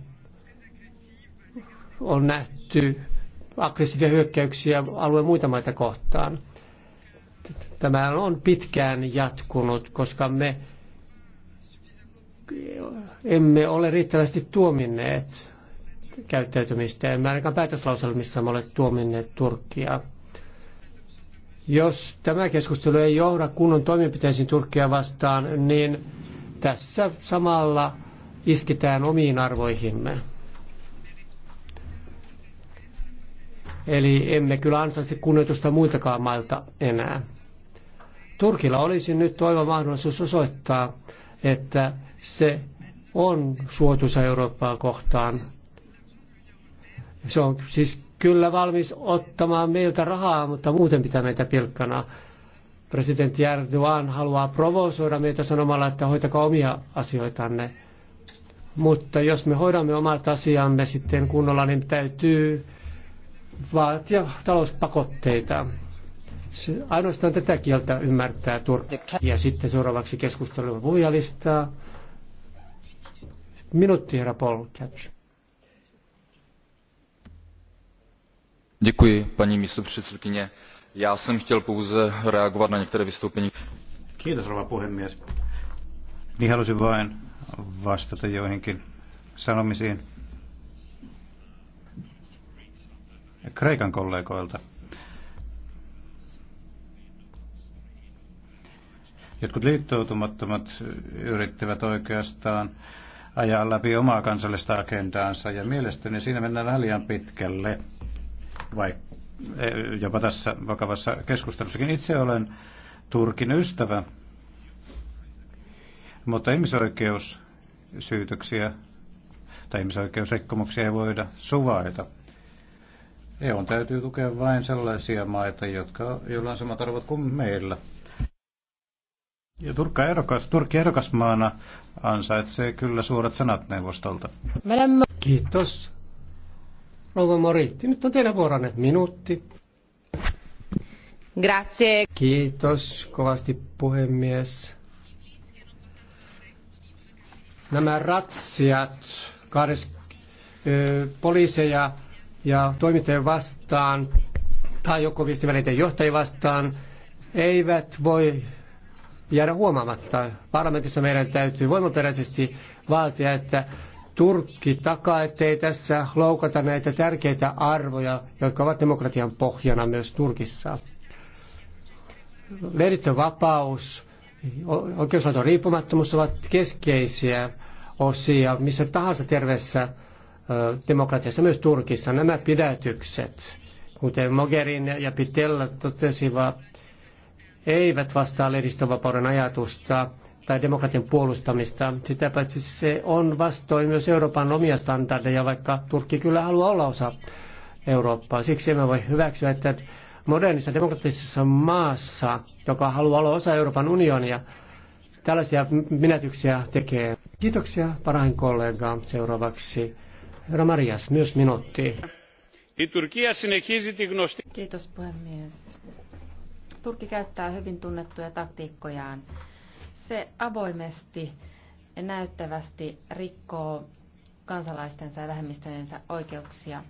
on nähty aggressiivisia hyökkäyksiä alueen muita maita kohtaan. Tämä on pitkään jatkunut, koska me emme ole riittävästi tuominneet käyttäytymistä. Emme ainakaan päätöslauselmissa ole tuominneet Turkkia. Jos tämä keskustelu ei johda kunnon toimenpiteisiin Turkkia vastaan, niin tässä samalla isketään omiin arvoihimme. Eli emme kyllä ansaitse kunnioitusta muiltakaan mailta enää. Turkilla olisi nyt toivon mahdollisuus osoittaa, että se on suotuisa Eurooppaa kohtaan. Se on siis kyllä valmis ottamaan meiltä rahaa, mutta muuten pitää meitä pilkkana. Presidentti Erdogan haluaa provosoida meitä sanomalla, että hoitakaa omia asioitanne. Mutta jos me hoidamme omat asiamme sitten kunnolla, niin täytyy vaatia talouspakotteita. Se, ainoastaan tätä kieltä ymmärtää Turkki. Ja sitten seuraavaksi keskustelua puhujalistaa. Minuutti, herra Paul Catch. Děkuji, paní místopředsedkyně. Já jsem chtěl pouze reagovat na některé vystoupení. Kiitos, rouva puhemies. Niin halusin vain vastata joihinkin sanomisiin Kreikan kollegoilta. Jotkut liittoutumattomat yrittävät oikeastaan ajaa läpi omaa kansallista agendaansa ja mielestäni siinä mennään vähän liian pitkälle, vaikka e, jopa tässä vakavassa keskustelussakin. Itse olen Turkin ystävä, mutta ihmisoikeussyytöksiä tai ihmisoikeusrikkomuksia ei voida suvaita. E on täytyy tukea vain sellaisia maita, jotka, joilla on samat arvot kuin meillä. Ja Turkka erokas, Turkki ehdokasmaana ansaitsee kyllä suuret sanat neuvostolta. Kiitos. Rouva Moritti, nyt on teidän vuoronne minuutti. Grazie. Kiitos kovasti puhemies. Nämä ratsiat, kahdessa, ö, poliiseja ja toimittajia vastaan tai joko viestivälineiden johtajia vastaan, eivät voi jäädä huomaamatta. Parlamentissa meidän täytyy voimaperäisesti vaatia, että Turkki takaa, ettei tässä loukata näitä tärkeitä arvoja, jotka ovat demokratian pohjana myös Turkissa. Lehdistönvapaus, oikeuslaiton riippumattomuus ovat keskeisiä osia missä tahansa terveessä demokratiassa, myös Turkissa. Nämä pidätykset, kuten Mogherin ja Pitella totesivat, eivät vastaa lehdistönvapauden ajatusta tai demokratian puolustamista. Sitä paitsi se on vastoin myös Euroopan omia standardeja, vaikka Turkki kyllä haluaa olla osa Eurooppaa. Siksi emme voi hyväksyä, että modernissa demokratisessa maassa, joka haluaa olla osa Euroopan unionia, tällaisia minätyksiä tekee. Kiitoksia parhain kollega. Seuraavaksi herra Marias, myös minuutti. Kiitos puhemies. Turkki käyttää hyvin tunnettuja taktiikkojaan. Se avoimesti ja näyttävästi rikkoo kansalaistensa ja vähemmistöjensä oikeuksia.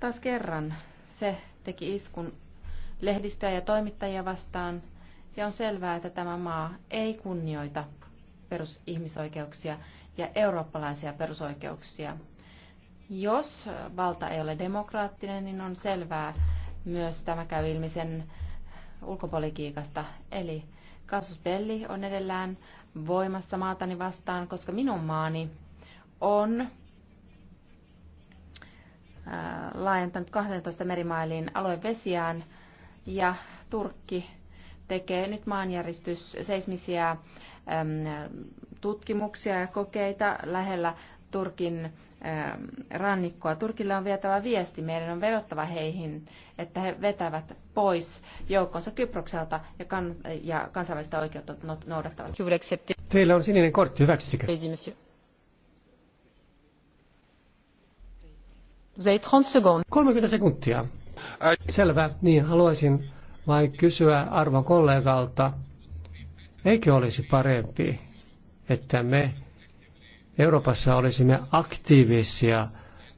Taas kerran se teki iskun lehdistöä ja toimittajia vastaan, ja on selvää, että tämä maa ei kunnioita perusihmisoikeuksia ja eurooppalaisia perusoikeuksia. Jos valta ei ole demokraattinen, niin on selvää, myös tämä käy ilmi sen ulkopolitiikasta. Eli kasus Belli on edellään voimassa maatani vastaan, koska minun maani on laajentanut 12 merimailiin aluevesiään ja Turkki tekee nyt maanjäristys seismisiä tutkimuksia ja kokeita lähellä Turkin Ähm, rannikkoa. Turkille on vietävä viesti, meidän on vedottava heihin, että he vetävät pois joukkonsa Kyprokselta ja, kan- ja kansainvälistä oikeutta noudattavat. Teillä on sininen kortti, hyväksyttekö? Vous avez 30 secondes. 30 sekuntia. Selvä. Niin, haluaisin vain kysyä arvon kollegalta, eikö olisi parempi, että me Euroopassa olisimme aktiivisia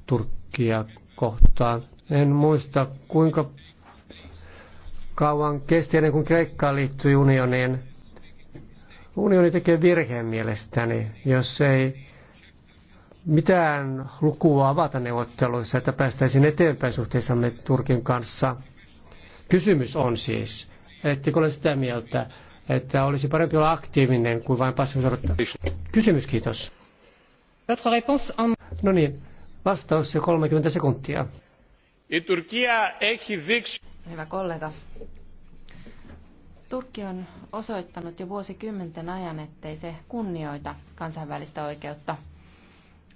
Turkkia kohtaan. En muista, kuinka kauan kesti ennen kuin Kreikka liittyi unioniin. Unioni tekee virheen mielestäni, jos ei mitään lukua avata neuvotteluissa, että päästäisiin eteenpäin suhteessamme Turkin kanssa. Kysymys on siis, ettekö ole sitä mieltä, että olisi parempi olla aktiivinen kuin vain passiivinen. Kysymys, kiitos. Votre réponse en... No niin, vastaus 30 sekuntia. Η Τουρκία έχει δείξει... Hyvä kollega. Turkki on osoittanut jo vuosikymmenten ajan, ettei se kunnioita kansainvälistä oikeutta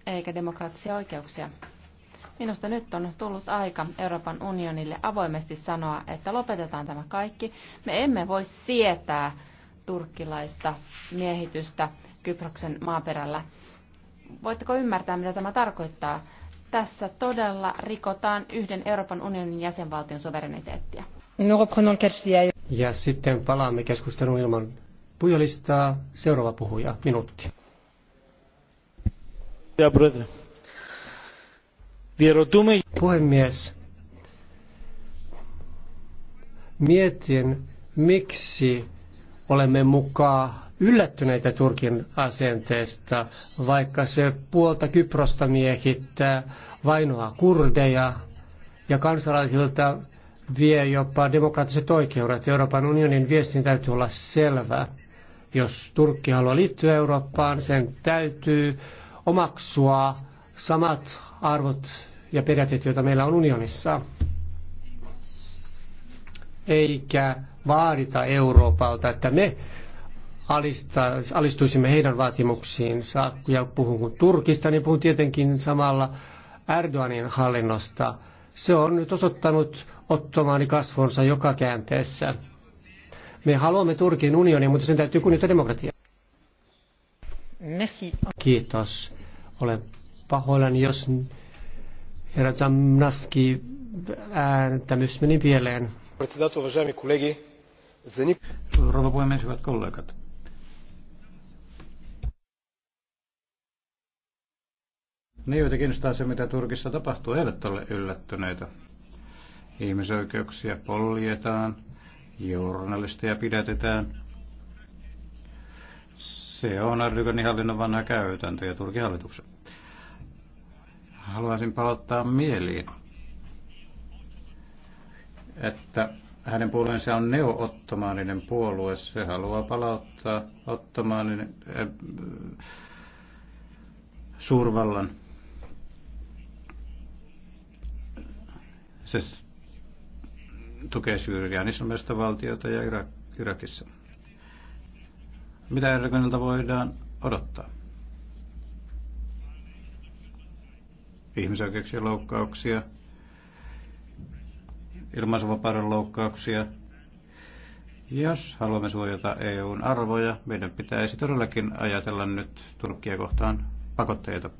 eikä demokraattisia oikeuksia. Minusta nyt on tullut aika Euroopan unionille avoimesti sanoa, että lopetetaan tämä kaikki. Me emme voi sietää turkkilaista miehitystä Kyproksen maaperällä. Voitteko ymmärtää, mitä tämä tarkoittaa? Tässä todella rikotaan yhden Euroopan unionin jäsenvaltion suvereniteettia. Ja sitten palaamme keskustelun ilman puhujalistaa. Seuraava puhuja, minuutti. Puhemies, mietin, miksi olemme mukaan yllättyneitä Turkin asenteesta, vaikka se puolta Kyprosta miehittää, vainoaa kurdeja ja kansalaisilta vie jopa demokraattiset oikeudet. Euroopan unionin viestin täytyy olla selvä. Jos Turkki haluaa liittyä Eurooppaan, sen täytyy omaksua samat arvot ja periaatteet, joita meillä on unionissa. Eikä vaadita Euroopalta, että me alista, alistuisimme heidän vaatimuksiinsa. Ja puhun kun Turkista, niin puhun tietenkin samalla Erdoganin hallinnosta. Se on nyt osoittanut ottomaani kasvonsa joka käänteessä. Me haluamme Turkin unionin, mutta sen täytyy kunnioittaa demokratia. Merci. Kiitos. Olen pahoillani, jos herra Zamnaski myös meni pieleen. Rouva puhemies, hyvät kollegat. Ne, joita kiinnostaa se, mitä Turkissa tapahtuu, eivät ole yllättyneitä. Ihmisoikeuksia poljetaan, journalisteja pidätetään. Se on Erdoganin hallinnon vanha käytäntö ja Turkin hallituksen. Haluaisin palauttaa mieliin, että hänen puolueensa on neo-ottomaaninen puolue. Se haluaa palauttaa ottomaaninen äh, suurvallan Se tukee Syyrian islamista valtiota ja Irak, Irakissa. Mitä Erdoganilta voidaan odottaa? Ihmisoikeuksien loukkauksia, ilmaisuvapauden loukkauksia. Jos haluamme suojata EUn arvoja, meidän pitäisi todellakin ajatella nyt Turkkia kohtaan pakotteita.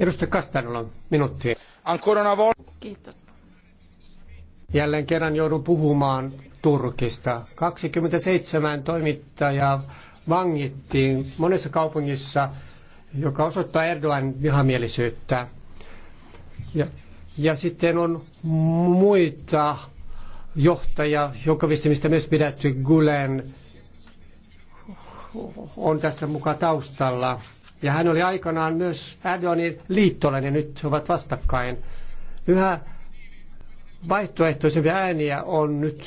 Edustaja Kastanilla minuutti. Ancora una volta. Kiitos Jälleen kerran joudun puhumaan Turkista. 27 toimittajaa vangittiin monessa kaupungissa, joka osoittaa Erdogan vihamielisyyttä. Ja, ja sitten on muita johtajia, joukkovistimistä myös pidetty Gulen, on tässä mukaan taustalla. Ja hän oli aikanaan myös Erdoganin liittolainen, nyt ovat vastakkain. Yhä vaihtoehtoisempia ääniä on nyt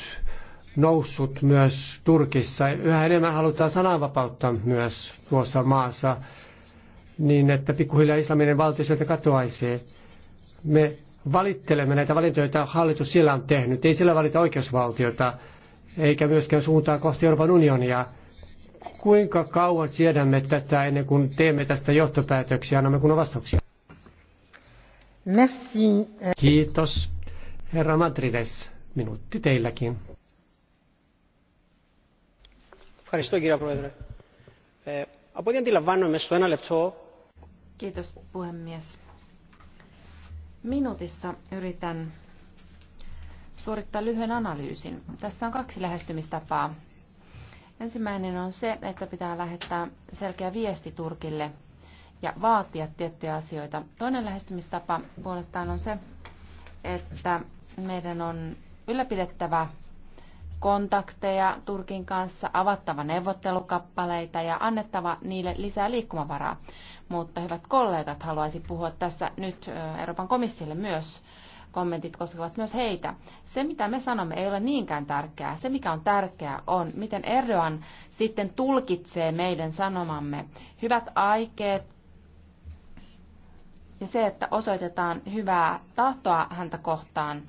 noussut myös Turkissa. Yhä enemmän halutaan sananvapautta myös tuossa maassa niin, että pikkuhiljaa islaminen valtio sieltä katoaisi. Me valittelemme näitä valintoja, joita hallitus siellä on tehnyt. Ei sillä valita oikeusvaltiota, eikä myöskään suuntaa kohti Euroopan unionia. Kuinka kauan siedämme tätä ennen kuin teemme tästä johtopäätöksiä, annamme kunnon vastauksia? Merci. Kiitos. Herra Madrides, minuutti teilläkin. Kiitos puhemies. Minuutissa yritän suorittaa lyhyen analyysin. Tässä on kaksi lähestymistapaa. Ensimmäinen on se, että pitää lähettää selkeä viesti Turkille ja vaatia tiettyjä asioita. Toinen lähestymistapa puolestaan on se, että meidän on ylläpidettävä kontakteja Turkin kanssa, avattava neuvottelukappaleita ja annettava niille lisää liikkumavaraa. Mutta hyvät kollegat, haluaisin puhua tässä nyt Euroopan komissiolle myös. Kommentit koskevat myös heitä. Se, mitä me sanomme, ei ole niinkään tärkeää. Se, mikä on tärkeää, on, miten Erdogan sitten tulkitsee meidän sanomamme. Hyvät aikeet ja se, että osoitetaan hyvää tahtoa häntä kohtaan –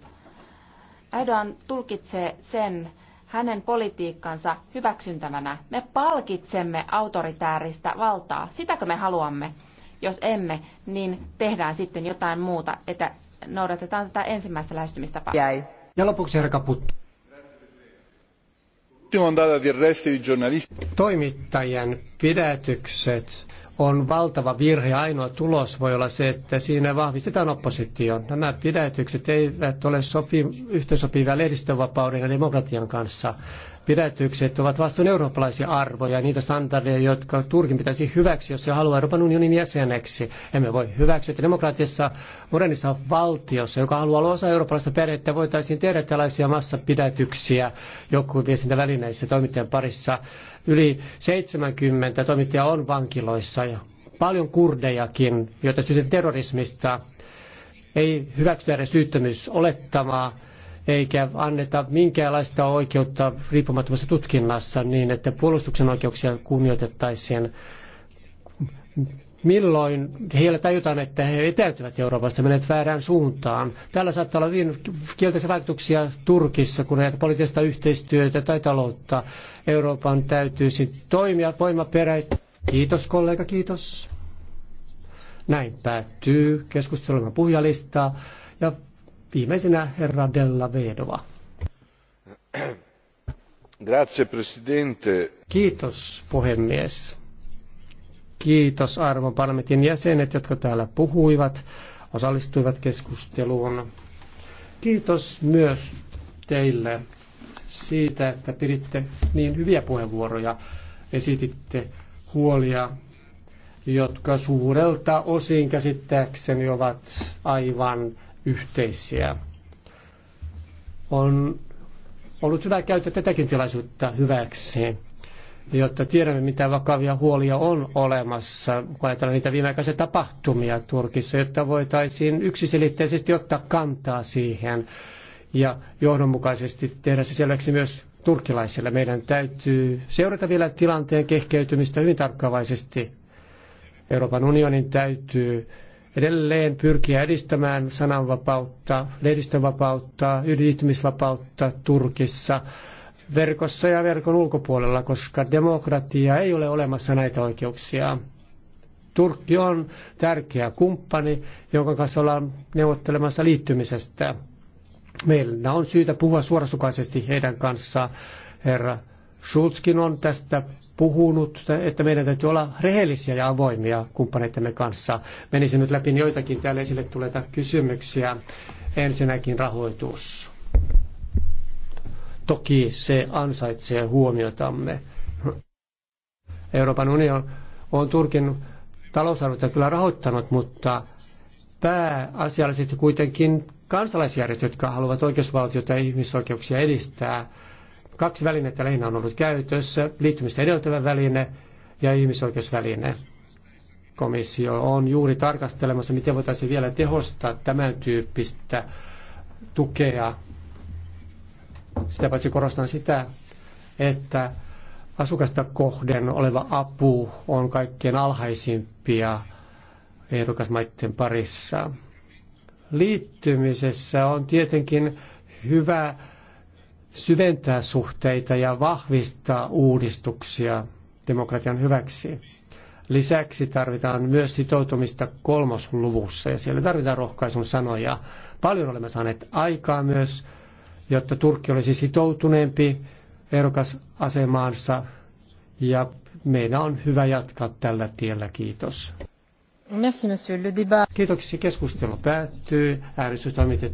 Erdogan tulkitsee sen hänen politiikkansa hyväksyntävänä. Me palkitsemme autoritääristä valtaa. Sitäkö me haluamme? Jos emme, niin tehdään sitten jotain muuta, että noudatetaan tätä ensimmäistä lähestymistapaa. Jäi. Ja lopuksi herra Kaputto. Toimittajien pidätykset on valtava virhe. Ainoa tulos voi olla se, että siinä vahvistetaan opposition. Nämä pidätykset eivät ole sopi, yhteensopivia lehdistönvapauden ja demokratian kanssa pidätykset ovat vastoin eurooppalaisia arvoja, niitä standardeja, jotka Turkin pitäisi hyväksyä, jos se haluaa Euroopan unionin jäseneksi. Emme voi hyväksyä, että demokraattisessa modernissa valtiossa, joka haluaa olla osa eurooppalaista perhettä, voitaisiin tehdä tällaisia massapidätyksiä joku viestintävälineissä toimittajan parissa. Yli 70 toimittajaa on vankiloissa ja paljon kurdejakin, joita syytetään terrorismista. Ei hyväksytä edes syyttömyysolettamaa. olettamaa eikä anneta minkäänlaista oikeutta riippumattomassa tutkinnassa niin, että puolustuksen oikeuksia kunnioitettaisiin. Milloin heillä tajutaan, että he etäytyvät Euroopasta, menet väärään suuntaan? Täällä saattaa olla hyvin kielteisiä vaikutuksia Turkissa, kun näitä poliittista yhteistyötä tai taloutta Euroopan täytyisi toimia voimaperäisesti. Kiitos kollega, kiitos. Näin päättyy keskustelun puhujalistaa. Ja Viimeisenä herra Della Vedova. Grazie, presidente. Kiitos, puhemies. Kiitos arvon parlamentin jäsenet, jotka täällä puhuivat, osallistuivat keskusteluun. Kiitos myös teille siitä, että piditte niin hyviä puheenvuoroja, esititte huolia, jotka suurelta osin käsittääkseni ovat aivan yhteisiä. On ollut hyvä käyttää tätäkin tilaisuutta hyväksi, jotta tiedämme, mitä vakavia huolia on olemassa, kun ajatellaan niitä viimeaikaisia tapahtumia Turkissa, jotta voitaisiin yksiselitteisesti ottaa kantaa siihen ja johdonmukaisesti tehdä se selväksi myös turkkilaisille. Meidän täytyy seurata vielä tilanteen kehkeytymistä hyvin tarkkaavaisesti. Euroopan unionin täytyy edelleen pyrkiä edistämään sananvapautta, lehdistönvapautta, yhdistymisvapautta Turkissa verkossa ja verkon ulkopuolella, koska demokratia ei ole olemassa näitä oikeuksia. Turkki on tärkeä kumppani, jonka kanssa ollaan neuvottelemassa liittymisestä. Meillä on syytä puhua suorasukaisesti heidän kanssaan. Herra Schulzkin on tästä puhunut, että meidän täytyy olla rehellisiä ja avoimia kumppaneittemme kanssa. Menisin nyt läpi joitakin täällä esille tuleita kysymyksiä. Ensinnäkin rahoitus. Toki se ansaitsee huomiotamme. Euroopan unioni on Turkin talousarvoita kyllä rahoittanut, mutta pääasiallisesti kuitenkin kansalaisjärjestöt, jotka haluavat oikeusvaltiota ja ihmisoikeuksia edistää, Kaksi välinettä lähinnä on ollut käytössä, liittymistä edeltävä väline ja ihmisoikeusväline. Komissio on juuri tarkastelemassa, miten voitaisiin vielä tehostaa tämän tyyppistä tukea. Sitä paitsi korostan sitä, että asukasta kohden oleva apu on kaikkein alhaisimpia ehdokasmaiden parissa. Liittymisessä on tietenkin hyvä syventää suhteita ja vahvistaa uudistuksia demokratian hyväksi. Lisäksi tarvitaan myös sitoutumista kolmosluvussa ja siellä tarvitaan rohkaisun sanoja. Paljon olemme saaneet aikaa myös, jotta Turkki olisi sitoutuneempi ehdokasasemaansa ja meidän on hyvä jatkaa tällä tiellä. Kiitos. Merci, monsieur. Le débat. Kiitoksia. Keskustelu päättyy. Äänestys toimitettu.